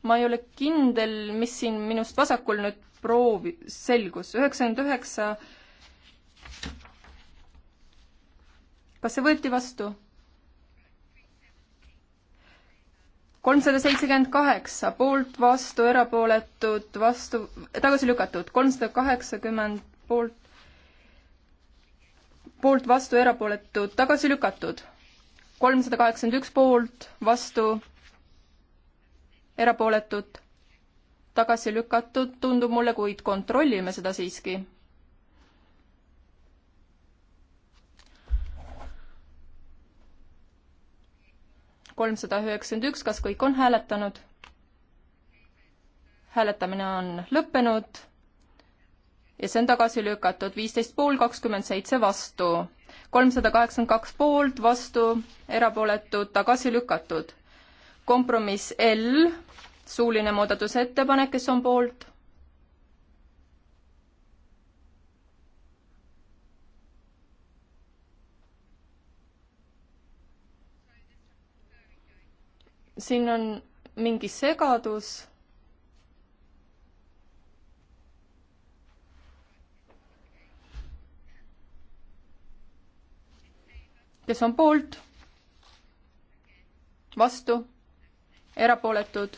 ma ei ole kindel, mis siin minust vasakul nüüd proovi-, selgus, üheksakümmend üheksa. kas see võeti vastu? kolmsada seitsekümmend kaheksa poolt, vastu, erapooletud, vastu, tagasi lükatud, kolmsada kaheksakümmend poolt, poolt, vastu, erapooletud, tagasi lükatud kolmsada kaheksakümmend üks poolt, vastu, erapooletud, tagasi lükatud, tundub mulle, kuid kontrollime seda siiski. kolmsada üheksakümmend üks, kas kõik on hääletanud? hääletamine on lõppenud ja see on tagasi lükatud, viisteist pool, kakskümmend seitse vastu kolmsada kaheksakümmend kaks poolt, vastu, erapooletud, tagasi lükatud. kompromiss L, suuline muudatusettepanek, kes on poolt? siin on mingi segadus kes on poolt, vastu, erapooletud.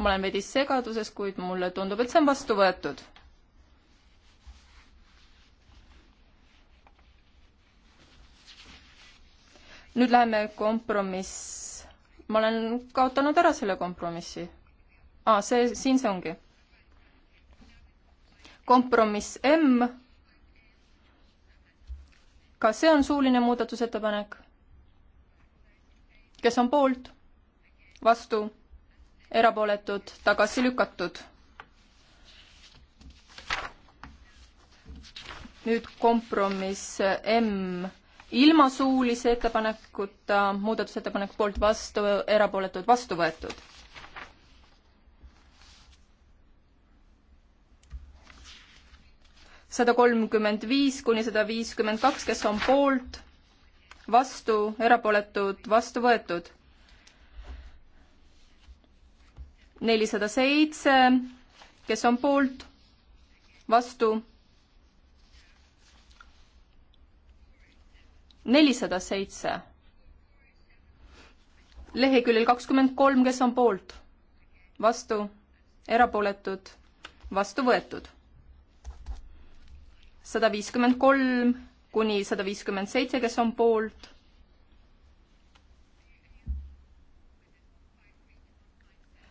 ma olen veidi segaduses, kuid mulle tundub, et see on vastu võetud. nüüd läheme kompromiss. ma olen kaotanud ära selle kompromissi. aa, see, siin see ongi. kompromiss M ka see on suuline muudatusettepanek. kes on poolt? vastu? erapooletud? tagasi lükatud? nüüd kompromiss M ilma suulise ettepanekuta, muudatusettepaneku poolt vastu, erapooletud vastu võetud sada kolmkümmend viis kuni sada viiskümmend kaks, kes on poolt, vastu, erapooletud, vastu võetud. nelisada seitse, kes on poolt, vastu, nelisada seitse. leheküljel kakskümmend kolm, kes on poolt, vastu, erapooletud, vastu võetud sada viiskümmend kolm kuni sada viiskümmend seitse, kes on poolt.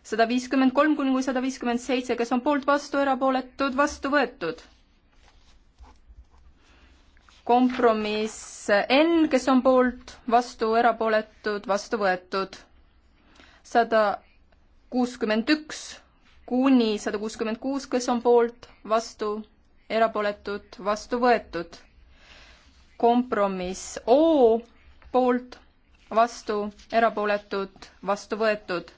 sada viiskümmend kolm kuni sada viiskümmend seitse, kes on poolt, vastu, erapooletud, vastu võetud. kompromiss N, kes on poolt, vastu, erapooletud, vastu võetud. sada kuuskümmend üks kuni sada kuuskümmend kuus, kes on poolt, vastu erapooletud, vastu võetud. kompromiss O poolt, vastu, erapooletud, vastu võetud.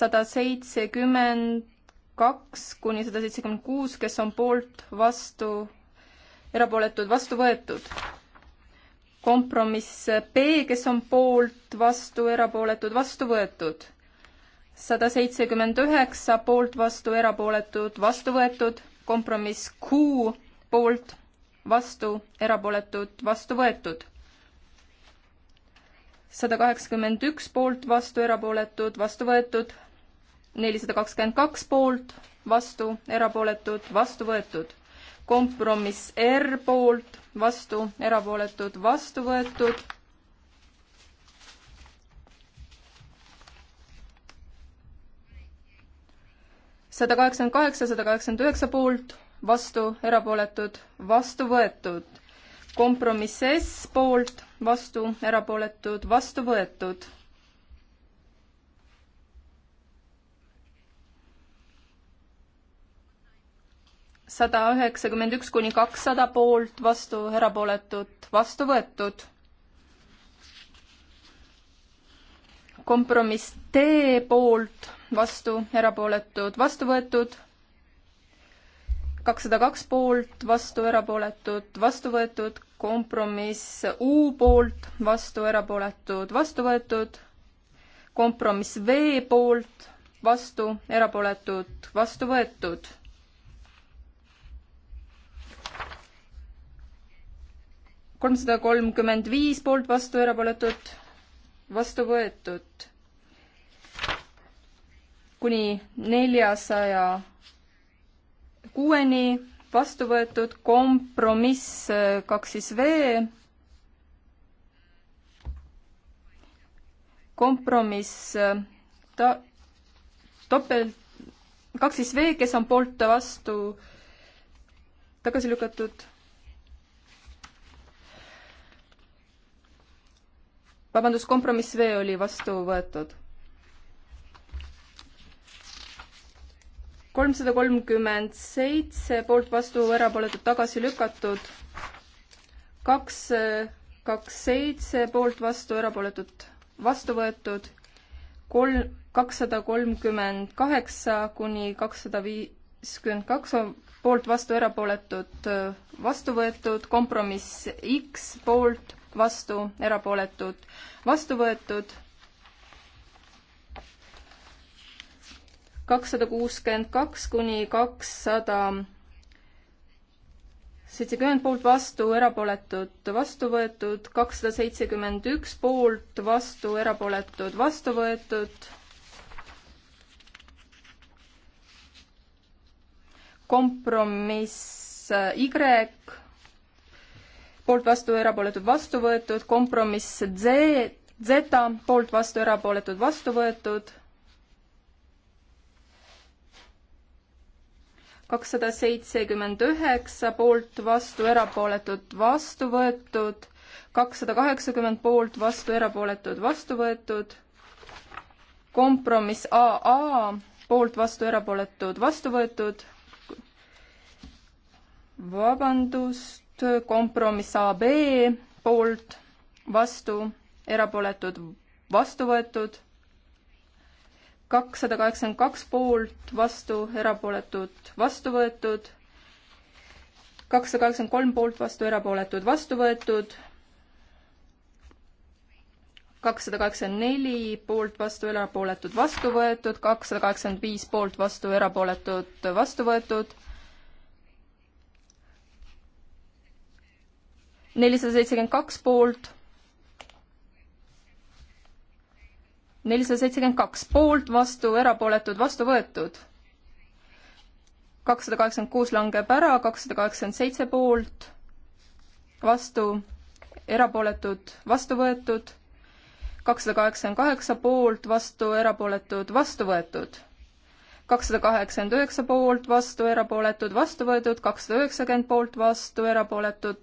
sada seitsekümmend kaks kuni sada seitsekümmend kuus, kes on poolt, vastu, erapooletud, vastu võetud. kompromiss B, kes on poolt, vastu, erapooletud, vastu võetud sada seitsekümmend üheksa poolt, vastu, erapooletud, vastu võetud, kompromiss Q poolt, vastu, erapooletud, vastu võetud. sada kaheksakümmend üks poolt, vastu, erapooletud, vastu võetud, nelisada kakskümmend kaks poolt, vastu, erapooletud, vastu võetud. kompromiss R poolt, vastu, erapooletud, vastu võetud sada kaheksakümmend kaheksa, sada kaheksakümmend üheksa poolt, vastu, erapooletud, vastu võetud. kompromiss S poolt, vastu, erapooletud, vastu võetud. sada üheksakümmend üks kuni kakssada poolt, vastu, erapooletud, vastu võetud. kompromiss T poolt vastu, erapooletud, vastu võetud. kakssada kaks poolt, vastu, erapooletud, vastu võetud. kompromiss U poolt, vastu, erapooletud, vastu võetud. kompromiss V poolt, vastu, erapooletud, vastu võetud. kolmsada kolmkümmend viis poolt, vastu, erapooletud, vastu võetud kuni neljasaja kuueni vastu võetud kompromiss äh, kaks siis V. kompromiss äh, ta-, topelt, kaks siis V, kes on poolt vastu tagasi lükatud. vabandust, kompromiss V oli vastu võetud. kolmsada kolmkümmend seitse poolt, vastu, erapooletud, tagasi lükatud. kaks, kaks, seitse poolt, vastu, erapooletud, vastu võetud. kolm, kakssada kolmkümmend kaheksa kuni kakssada viiskümmend kaks on poolt, vastu, erapooletud, vastu võetud, kompromiss X poolt, vastu, erapooletud, vastu võetud kakssada kuuskümmend kaks kuni kakssada seitsekümmend poolt vastu, erapooletud vastu võetud, kakssada seitsekümmend üks poolt vastu, erapooletud vastu võetud. kompromiss äh, Y, poolt vastu, erapooletud vastu võetud, kompromiss Z, Z poolt vastu, erapooletud vastu võetud kakssada seitsekümmend üheksa poolt, vastu, erapooletud, vastu võetud, kakssada kaheksakümmend poolt, vastu, erapooletud, vastu võetud, kompromiss AA, poolt, vastu, erapooletud, vastu võetud, vabandust, kompromiss AB, poolt, vastu, erapooletud, vastu võetud kakssada kaheksakümmend kaks poolt, vastu, erapooletud, vastu võetud. kakssada kaheksakümmend kolm poolt, vastu, erapooletud, vastu võetud. kakssada kaheksakümmend neli poolt, vastu, erapooletud, vastu võetud. kakssada kaheksakümmend viis poolt, vastu, erapooletud, vastu võetud. nelisada seitsekümmend kaks poolt nelisada seitsekümmend kaks poolt, vastu, erapooletud, vastu võetud. kakssada kaheksakümmend kuus langeb ära, kakssada kaheksakümmend seitse poolt, vastu, erapooletud, vastu võetud, kakssada kaheksakümmend kaheksa poolt, vastu, erapooletud, vastu võetud kakssada kaheksakümmend üheksa poolt, vastu, erapooletud, vastu võetud, kakssada üheksakümmend poolt, vastu, erapooletud,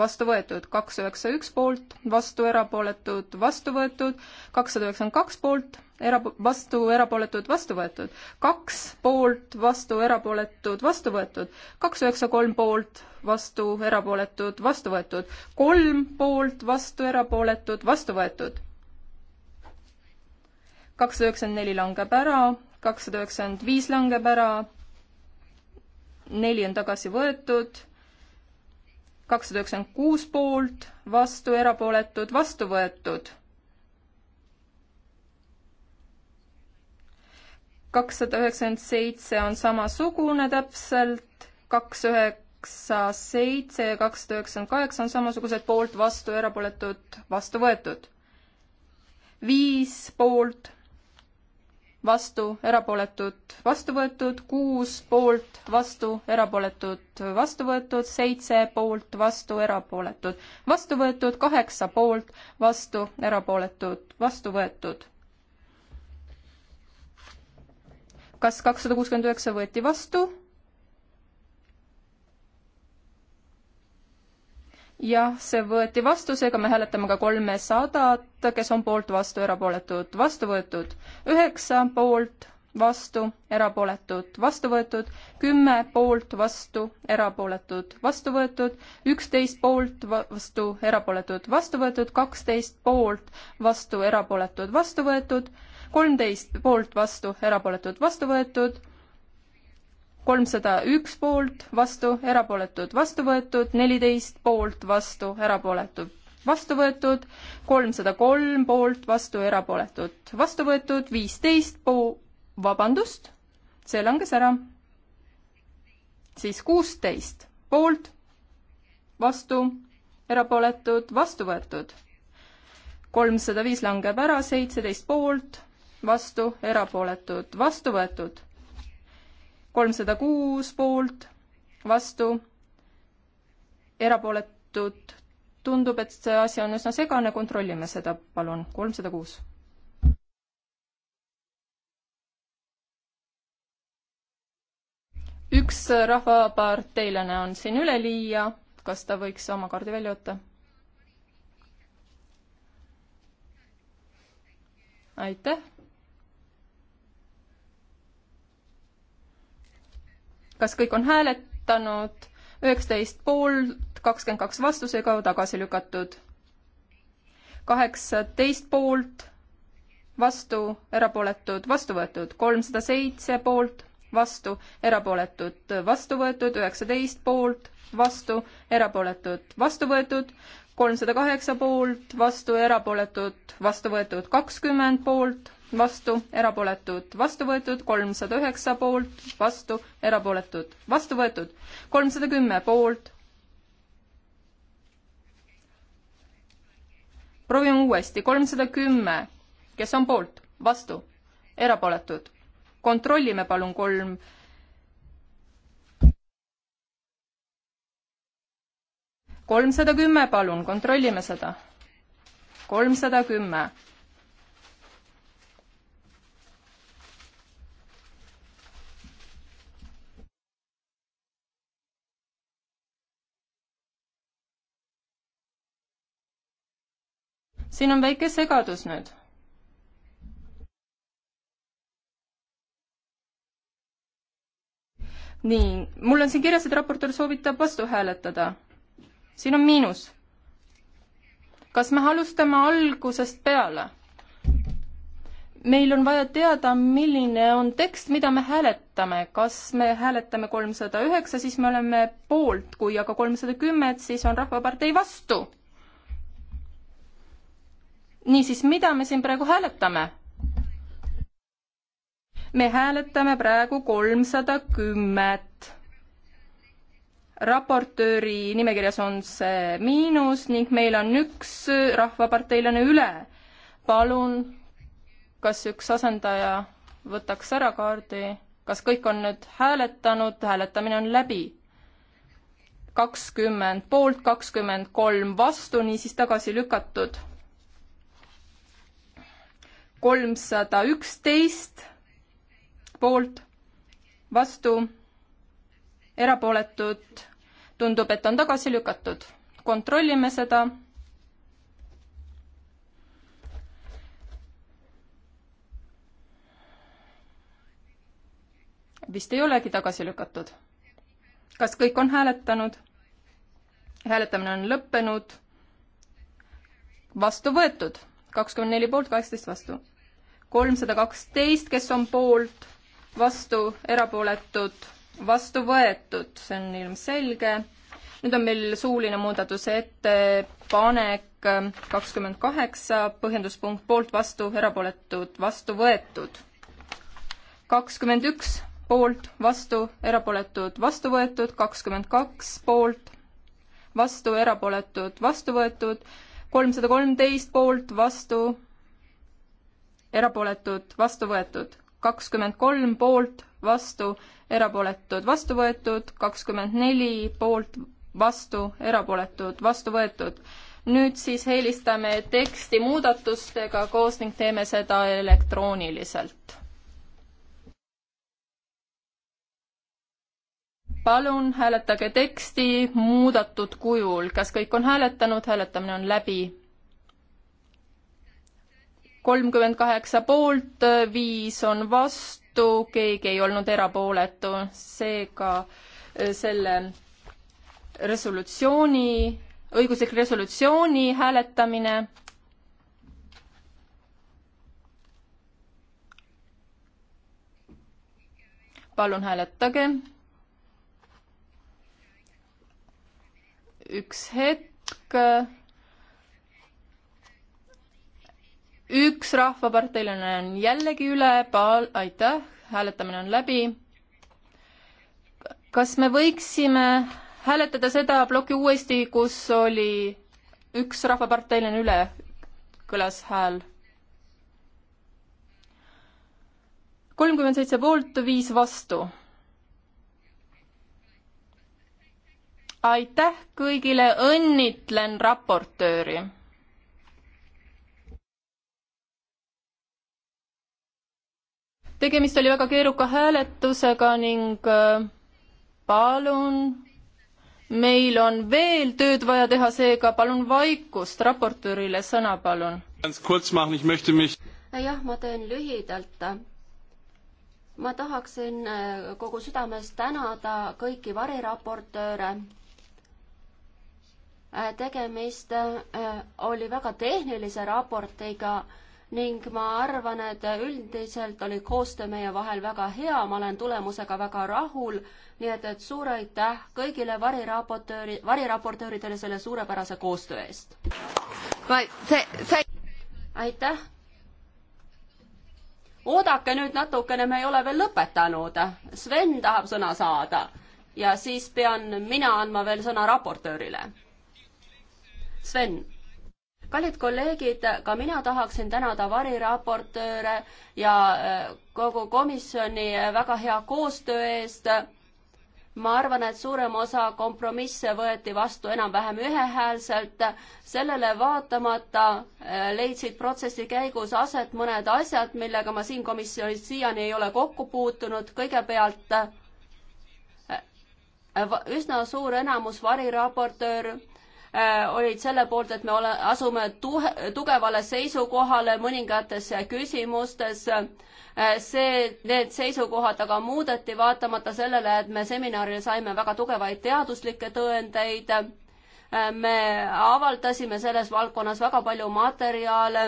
vastu võetud, kaks üheksa üks poolt, vastu, erapooletud, vastu võetud, kakssada üheksakümmend kaks poolt, era-, vastu, erapooletud, vastu võetud, kaks poolt, vastu, erapooletud, vastu võetud, kaks üheksa kolm poolt, vastu, erapooletud, vastu võetud, kolm poolt, vastu, erapooletud, vastu võetud kakssada üheksakümmend neli langeb ära, kakssada üheksakümmend viis langeb ära, neli on tagasi võetud, kakssada üheksakümmend kuus poolt, vastu, erapooletud, vastu võetud. kakssada üheksakümmend seitse on samasugune täpselt, kaks üheksa seitse ja kakssada üheksakümmend kaheksa on samasugused poolt, vastu, erapooletud, vastu võetud. viis poolt vastu, erapooletud, vastu võetud, kuus poolt, vastu, erapooletud, vastu võetud, seitse poolt, vastu, erapooletud, vastu võetud, kaheksa poolt, vastu, erapooletud, vastu võetud. kas kakssada kuuskümmend üheksa võeti vastu? jah, see võeti vastu, seega me hääletame ka kolmesadat, kes on poolt, vastu, erapooletud, vastu võetud. üheksa poolt, vastu, erapooletud, vastu võetud. kümme poolt, vastu, erapooletud, vastu võetud. üksteist poolt, vastu, erapooletud, vastu võetud. kaksteist poolt, vastu, erapooletud, vastu võetud. kolmteist poolt, vastu, erapooletud, vastu võetud kolmsada üks poolt, vastu, erapooletud, vastu võetud, neliteist poolt, vastu, erapooletud, vastu võetud, kolmsada kolm poolt, vastu, erapooletud, vastu võetud, viisteist po-, vabandust, see langes ära. siis kuusteist poolt, vastu, erapooletud, vastu võetud. kolmsada viis langeb ära, seitseteist poolt, vastu, erapooletud, vastu võetud kolmsada kuus poolt, vastu, erapooletud. tundub, et see asi on üsna segane, kontrollime seda, palun, kolmsada kuus. üks rahvaparteilane on siin üleliia, kas ta võiks oma kaardi välja võtta? aitäh, kas kõik on hääletanud? üheksateist poolt, kakskümmend kaks vastusega, tagasi lükatud. kaheksateist poolt, vastu, erapooletud, vastu võetud. kolmsada seitse poolt, vastu, erapooletud, vastu võetud. üheksateist poolt, vastu, erapooletud, vastu võetud. kolmsada kaheksa poolt, vastu, erapooletud, vastu võetud. kakskümmend poolt, vastu, erapooletud, vastu võetud, kolmsada üheksa poolt, vastu, erapooletud, vastu võetud, kolmsada kümme poolt. proovime uuesti, kolmsada kümme, kes on poolt, vastu, erapooletud, kontrollime palun kolm kolmsada kümme, palun, kontrollime seda. kolmsada kümme siin on väike segadus nüüd. nii, mul on siin kirjas, et raportöör soovitab vastu hääletada. siin on miinus. kas me alustame algusest peale? meil on vaja teada, milline on tekst, mida me hääletame. kas me hääletame kolmsada üheksa, siis me oleme poolt, kui aga kolmsada kümmet, siis on Rahvapartei vastu niisiis, mida me siin praegu hääletame? me hääletame praegu kolmsada kümmet. raportööri nimekirjas on see miinus ning meil on üks rahvaparteilane üle. palun, kas üks asendaja võtaks ära kaardi, kas kõik on nüüd hääletanud, hääletamine on läbi. kakskümmend poolt, kakskümmend kolm vastu, niisiis tagasi lükatud kolmsada üksteist poolt, vastu, erapooletud, tundub, et on tagasi lükatud. kontrollime seda. vist ei olegi tagasi lükatud. kas kõik on hääletanud? hääletamine on lõppenud. vastu võetud, kakskümmend neli poolt, kaheksateist vastu kolmsada kaksteist, kes on poolt, vastu, erapooletud, vastu võetud, see on ilmselge. nüüd on meil suuline muudatuse ettepanek kakskümmend kaheksa, põhjenduspunkt poolt, vastu, erapooletud, vastu võetud. kakskümmend üks poolt, vastu, erapooletud, vastu võetud, kakskümmend kaks poolt, vastu, erapooletud, vastu võetud, kolmsada kolmteist poolt, vastu, erapooletud, vastu võetud. kakskümmend kolm poolt, vastu, erapooletud, vastu võetud, kakskümmend neli poolt, vastu, erapooletud, vastu võetud. nüüd siis helistame teksti muudatustega koos ning teeme seda elektrooniliselt. palun hääletage teksti muudatud kujul, kas kõik on hääletanud, hääletamine on läbi kolmkümmend kaheksa poolt, viis on vastu, keegi ei olnud erapooletu, seega äh, selle resolutsiooni, õiguslik resolutsiooni hääletamine palun hääletage. üks hetk üks rahvaparteilane on jällegi üle, aitäh, hääletamine on läbi. kas me võiksime hääletada seda ploki uuesti, kus oli üks rahvaparteilane üle, kõlas hääl. kolmkümmend seitse poolt, viis vastu. aitäh kõigile, õnnitlen raportööri tegemist oli väga keeruka hääletusega ning äh, palun, meil on veel tööd vaja teha, seega palun vaikust, raportöörile sõna, palun. Äh, jah, ma teen lühidalt ma tahaksin äh, kogu südamest tänada kõiki variraportööre. tegemist oli väga tehnilise raportiga ning ma arvan, et üldiselt oli koostöö meie vahel väga hea, ma olen tulemusega väga rahul, nii et, et suur aitäh kõigile variraportööri, variraportööridele selle suurepärase koostöö eest! aitäh! oodake nüüd natukene, me ei ole veel lõpetanud. Sven tahab sõna saada ja siis pean mina andma veel sõna raportöörile. Sven kallid kolleegid, ka mina tahaksin tänada variraportööre ja äh, kogu komisjoni äh, väga hea koostöö eest. ma arvan, et suurem osa kompromisse võeti vastu enam-vähem ühehäälselt. sellele vaatamata äh, leidsid protsessi käigus aset mõned asjad, millega ma siin komisjonis siiani ei ole kokku puutunud. kõigepealt üsna suur enamus variraportöör Äh, olid selle poolt, et me ole, asume tuhe, tugevale seisukohale mõningates küsimustes. Äh, see, need seisukohad aga muudeti vaatamata sellele, et me seminarile saime väga tugevaid teaduslikke tõendeid. Äh, me avaldasime selles valdkonnas väga palju materjale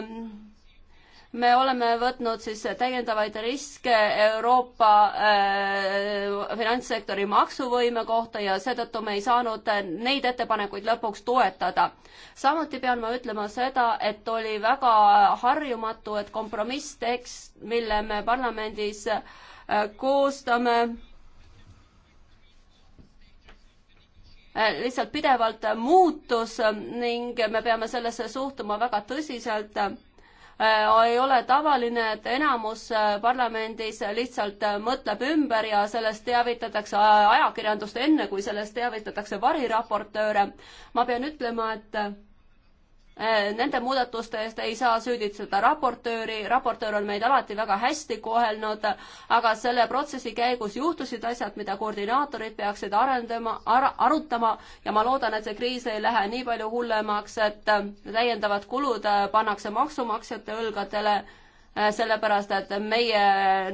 me oleme võtnud siis täiendavaid riske Euroopa äh, finantssektori maksuvõime kohta ja seetõttu me ei saanud neid ettepanekuid lõpuks toetada. samuti pean ma ütlema seda, et oli väga harjumatu, et kompromisstekst, mille me parlamendis äh, koostame äh,, lihtsalt pidevalt muutus ning me peame sellesse suhtuma väga tõsiselt Äh, ei ole tavaline, et enamus äh, parlamendis lihtsalt äh, mõtleb ümber ja sellest teavitatakse ajakirjandust enne, kui sellest teavitatakse variraportööre. ma pean ütlema, et Äh, nende muudatuste eest ei saa süüditseda raportööri, raportöör on meid alati väga hästi kohelnud, aga selle protsessi käigus juhtusid asjad, mida koordinaatorid peaksid arendama ar, arutama ja ma loodan, et see kriis ei lähe nii palju hullemaks, et äh, täiendavad kulud äh, pannakse maksumaksjate õlgadele, sellepärast et meie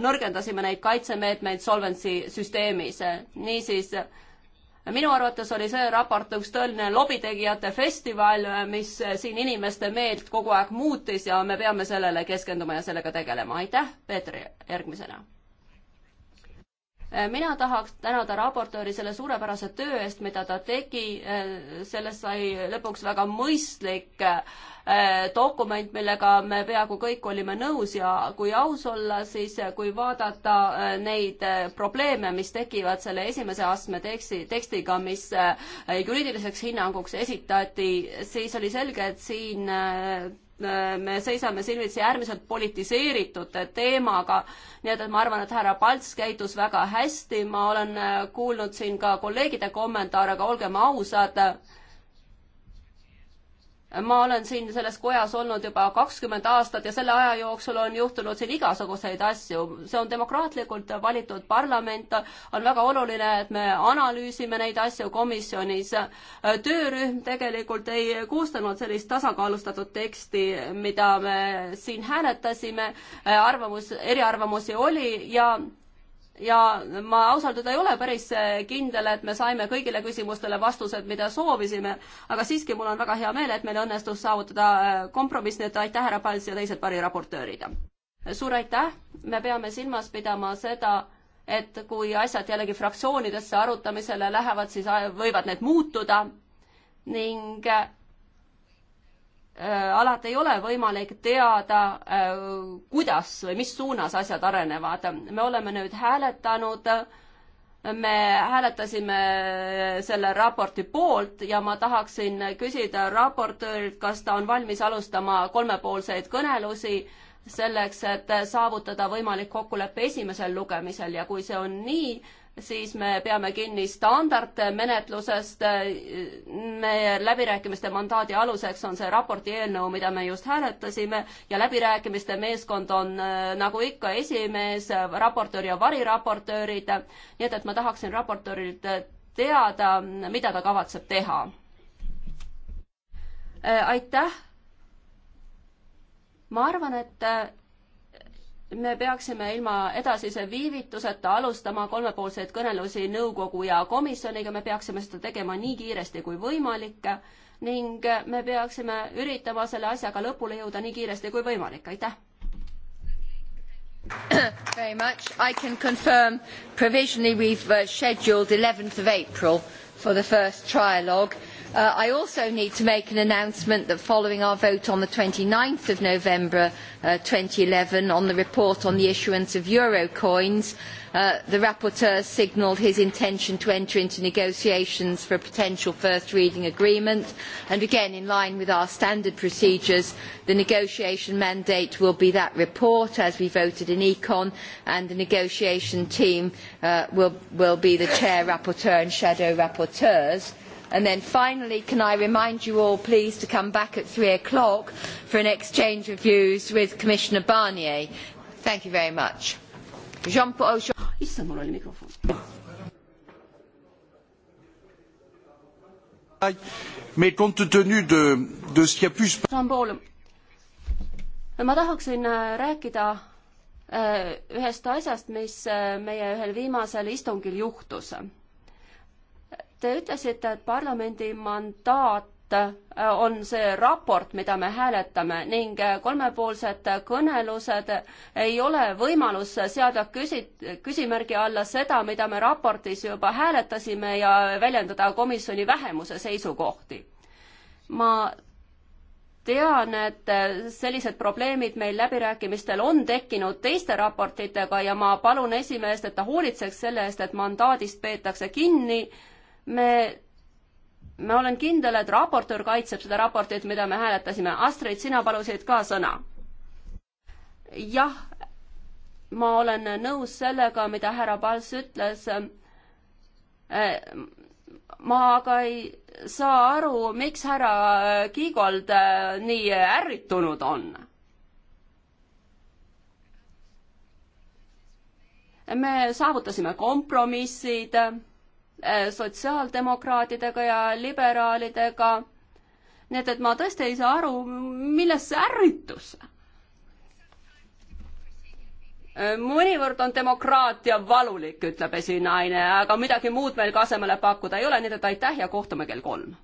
nõrgendasime neid kaitsemeetmeid Solvency süsteemis. niisiis minu arvates oli see raport üks tõeline lobitegijate festival, mis siin inimeste meelt kogu aeg muutis ja me peame sellele keskenduma ja sellega tegelema. aitäh, Peeter, järgmisena Äh, mina tahaks tänada raportööri selle suurepärase töö eest, mida ta tegi, äh, sellest sai lõpuks väga mõistlik äh, dokument, millega me peaaegu kõik olime nõus ja kui aus olla, siis kui vaadata neid probleeme, mis tekivad selle esimese astme teksti, tekstiga, mis juriidiliseks hinnanguks esitati, siis oli selge, et siin Äh, me seisame silmitsi äärmiselt politiseeritud teemaga, nii et, et ma arvan, et härra Palts käitus väga hästi, ma olen äh, kuulnud siin ka kolleegide kommentaare, aga olgem ausad, ma olen siin selles kojas olnud juba kakskümmend aastat ja selle aja jooksul on juhtunud siin igasuguseid asju. see on demokraatlikult valitud parlament, on väga oluline, et me analüüsime neid asju komisjonis. töörühm tegelikult ei koostanud sellist tasakaalustatud teksti, mida me siin hääletasime, arvamus, eriarvamusi oli ja ja ma ausalt öelda ei ole päris kindel, et me saime kõigile küsimustele vastused, mida soovisime, aga siiski mul on väga hea meel, et meil õnnestus saavutada äh, kompromiss, nii et aitäh, härra Pals ja teised variraportöörid. suur aitäh, me peame silmas pidama seda, et kui asjad jällegi fraktsioonidesse arutamisele lähevad, siis äh, võivad need muutuda ning äh, Äh, alati ei ole võimalik teada, äh, kuidas või mis suunas asjad arenevad. me oleme nüüd hääletanud, me hääletasime selle raporti poolt ja ma tahaksin küsida raportöörilt, kas ta on valmis alustama kolmepoolseid kõnelusi selleks, et saavutada võimalik kokkulepe esimesel lugemisel ja kui see on nii, siis me peame kinni standardmenetlusest. meie läbirääkimiste mandaadi aluseks on see raporti eelnõu, mida me just hääletasime ja läbirääkimiste meeskond on äh, nagu ikka esimees, raportöör ja variraportöörid. nii et, et ma tahaksin raportöörilt teada, mida ta kavatseb teha. Äh, aitäh. ma arvan, et äh, me peaksime ilma edasise viivituseta alustama kolmepoolseid kõnelusi nõukogu ja komisjoniga, me peaksime seda tegema nii kiiresti kui võimalik ning me peaksime üritama selle asjaga lõpule jõuda nii kiiresti kui võimalik, aitäh! Very much. I can confirm provisionally we've uh, scheduled 11th of April for the first trialogue Uh, I also need to make an announcement that following our vote on the 29th of November uh, 2011 on the report on the issuance of euro coins, uh, the rapporteur signalled his intention to enter into negotiations for a potential first reading agreement and again in line with our standard procedures the negotiation mandate will be that report as we voted in econ and the negotiation team uh, will, will be the chair rapporteur and shadow rapporteurs. Uh, And then finally, can I remind you all, please, to come back at three o'clock for an exchange of views with Commissioner Barnier. Thank you very much. Jean-Paul. Issand, mul oli mikrofon. Mais compte tenu de, de ce qui a pu se passer ma tahaksin äh, rääkida äh, ühest asjast, mis äh, meie ühel viimasel istungil juhtus. Te ütlesite, et parlamendi mandaat äh, on see raport, mida me hääletame ning äh, kolmepoolsed kõnelused ei ole võimalus seada küsi-, küsimärgi alla seda, mida me raportis juba hääletasime ja väljendada komisjoni vähemuse seisukohti. ma tean, et äh, sellised probleemid meil läbirääkimistel on tekkinud teiste raportitega ja ma palun esimeest, et ta hoolitseks selle eest, et mandaadist peetakse kinni me, ma olen kindel, et raportöör kaitseb seda raportit, mida me hääletasime. Astrid, sina palusid ka sõna. jah, ma olen nõus sellega, mida härra Pals ütles äh, ma aga ei saa aru, miks härra Kiigold äh, nii ärritunud on. me saavutasime kompromissid Äh, sotsiaaldemokraatidega ja liberaalidega. nii et, et ma tõesti ei saa aru, milles see ärritus. Äh, mõnikord on demokraatia valulik, ütleb esinaine, aga midagi muud meil ka asemele pakkuda ei ole, nii et aitäh ja kohtume kell kolm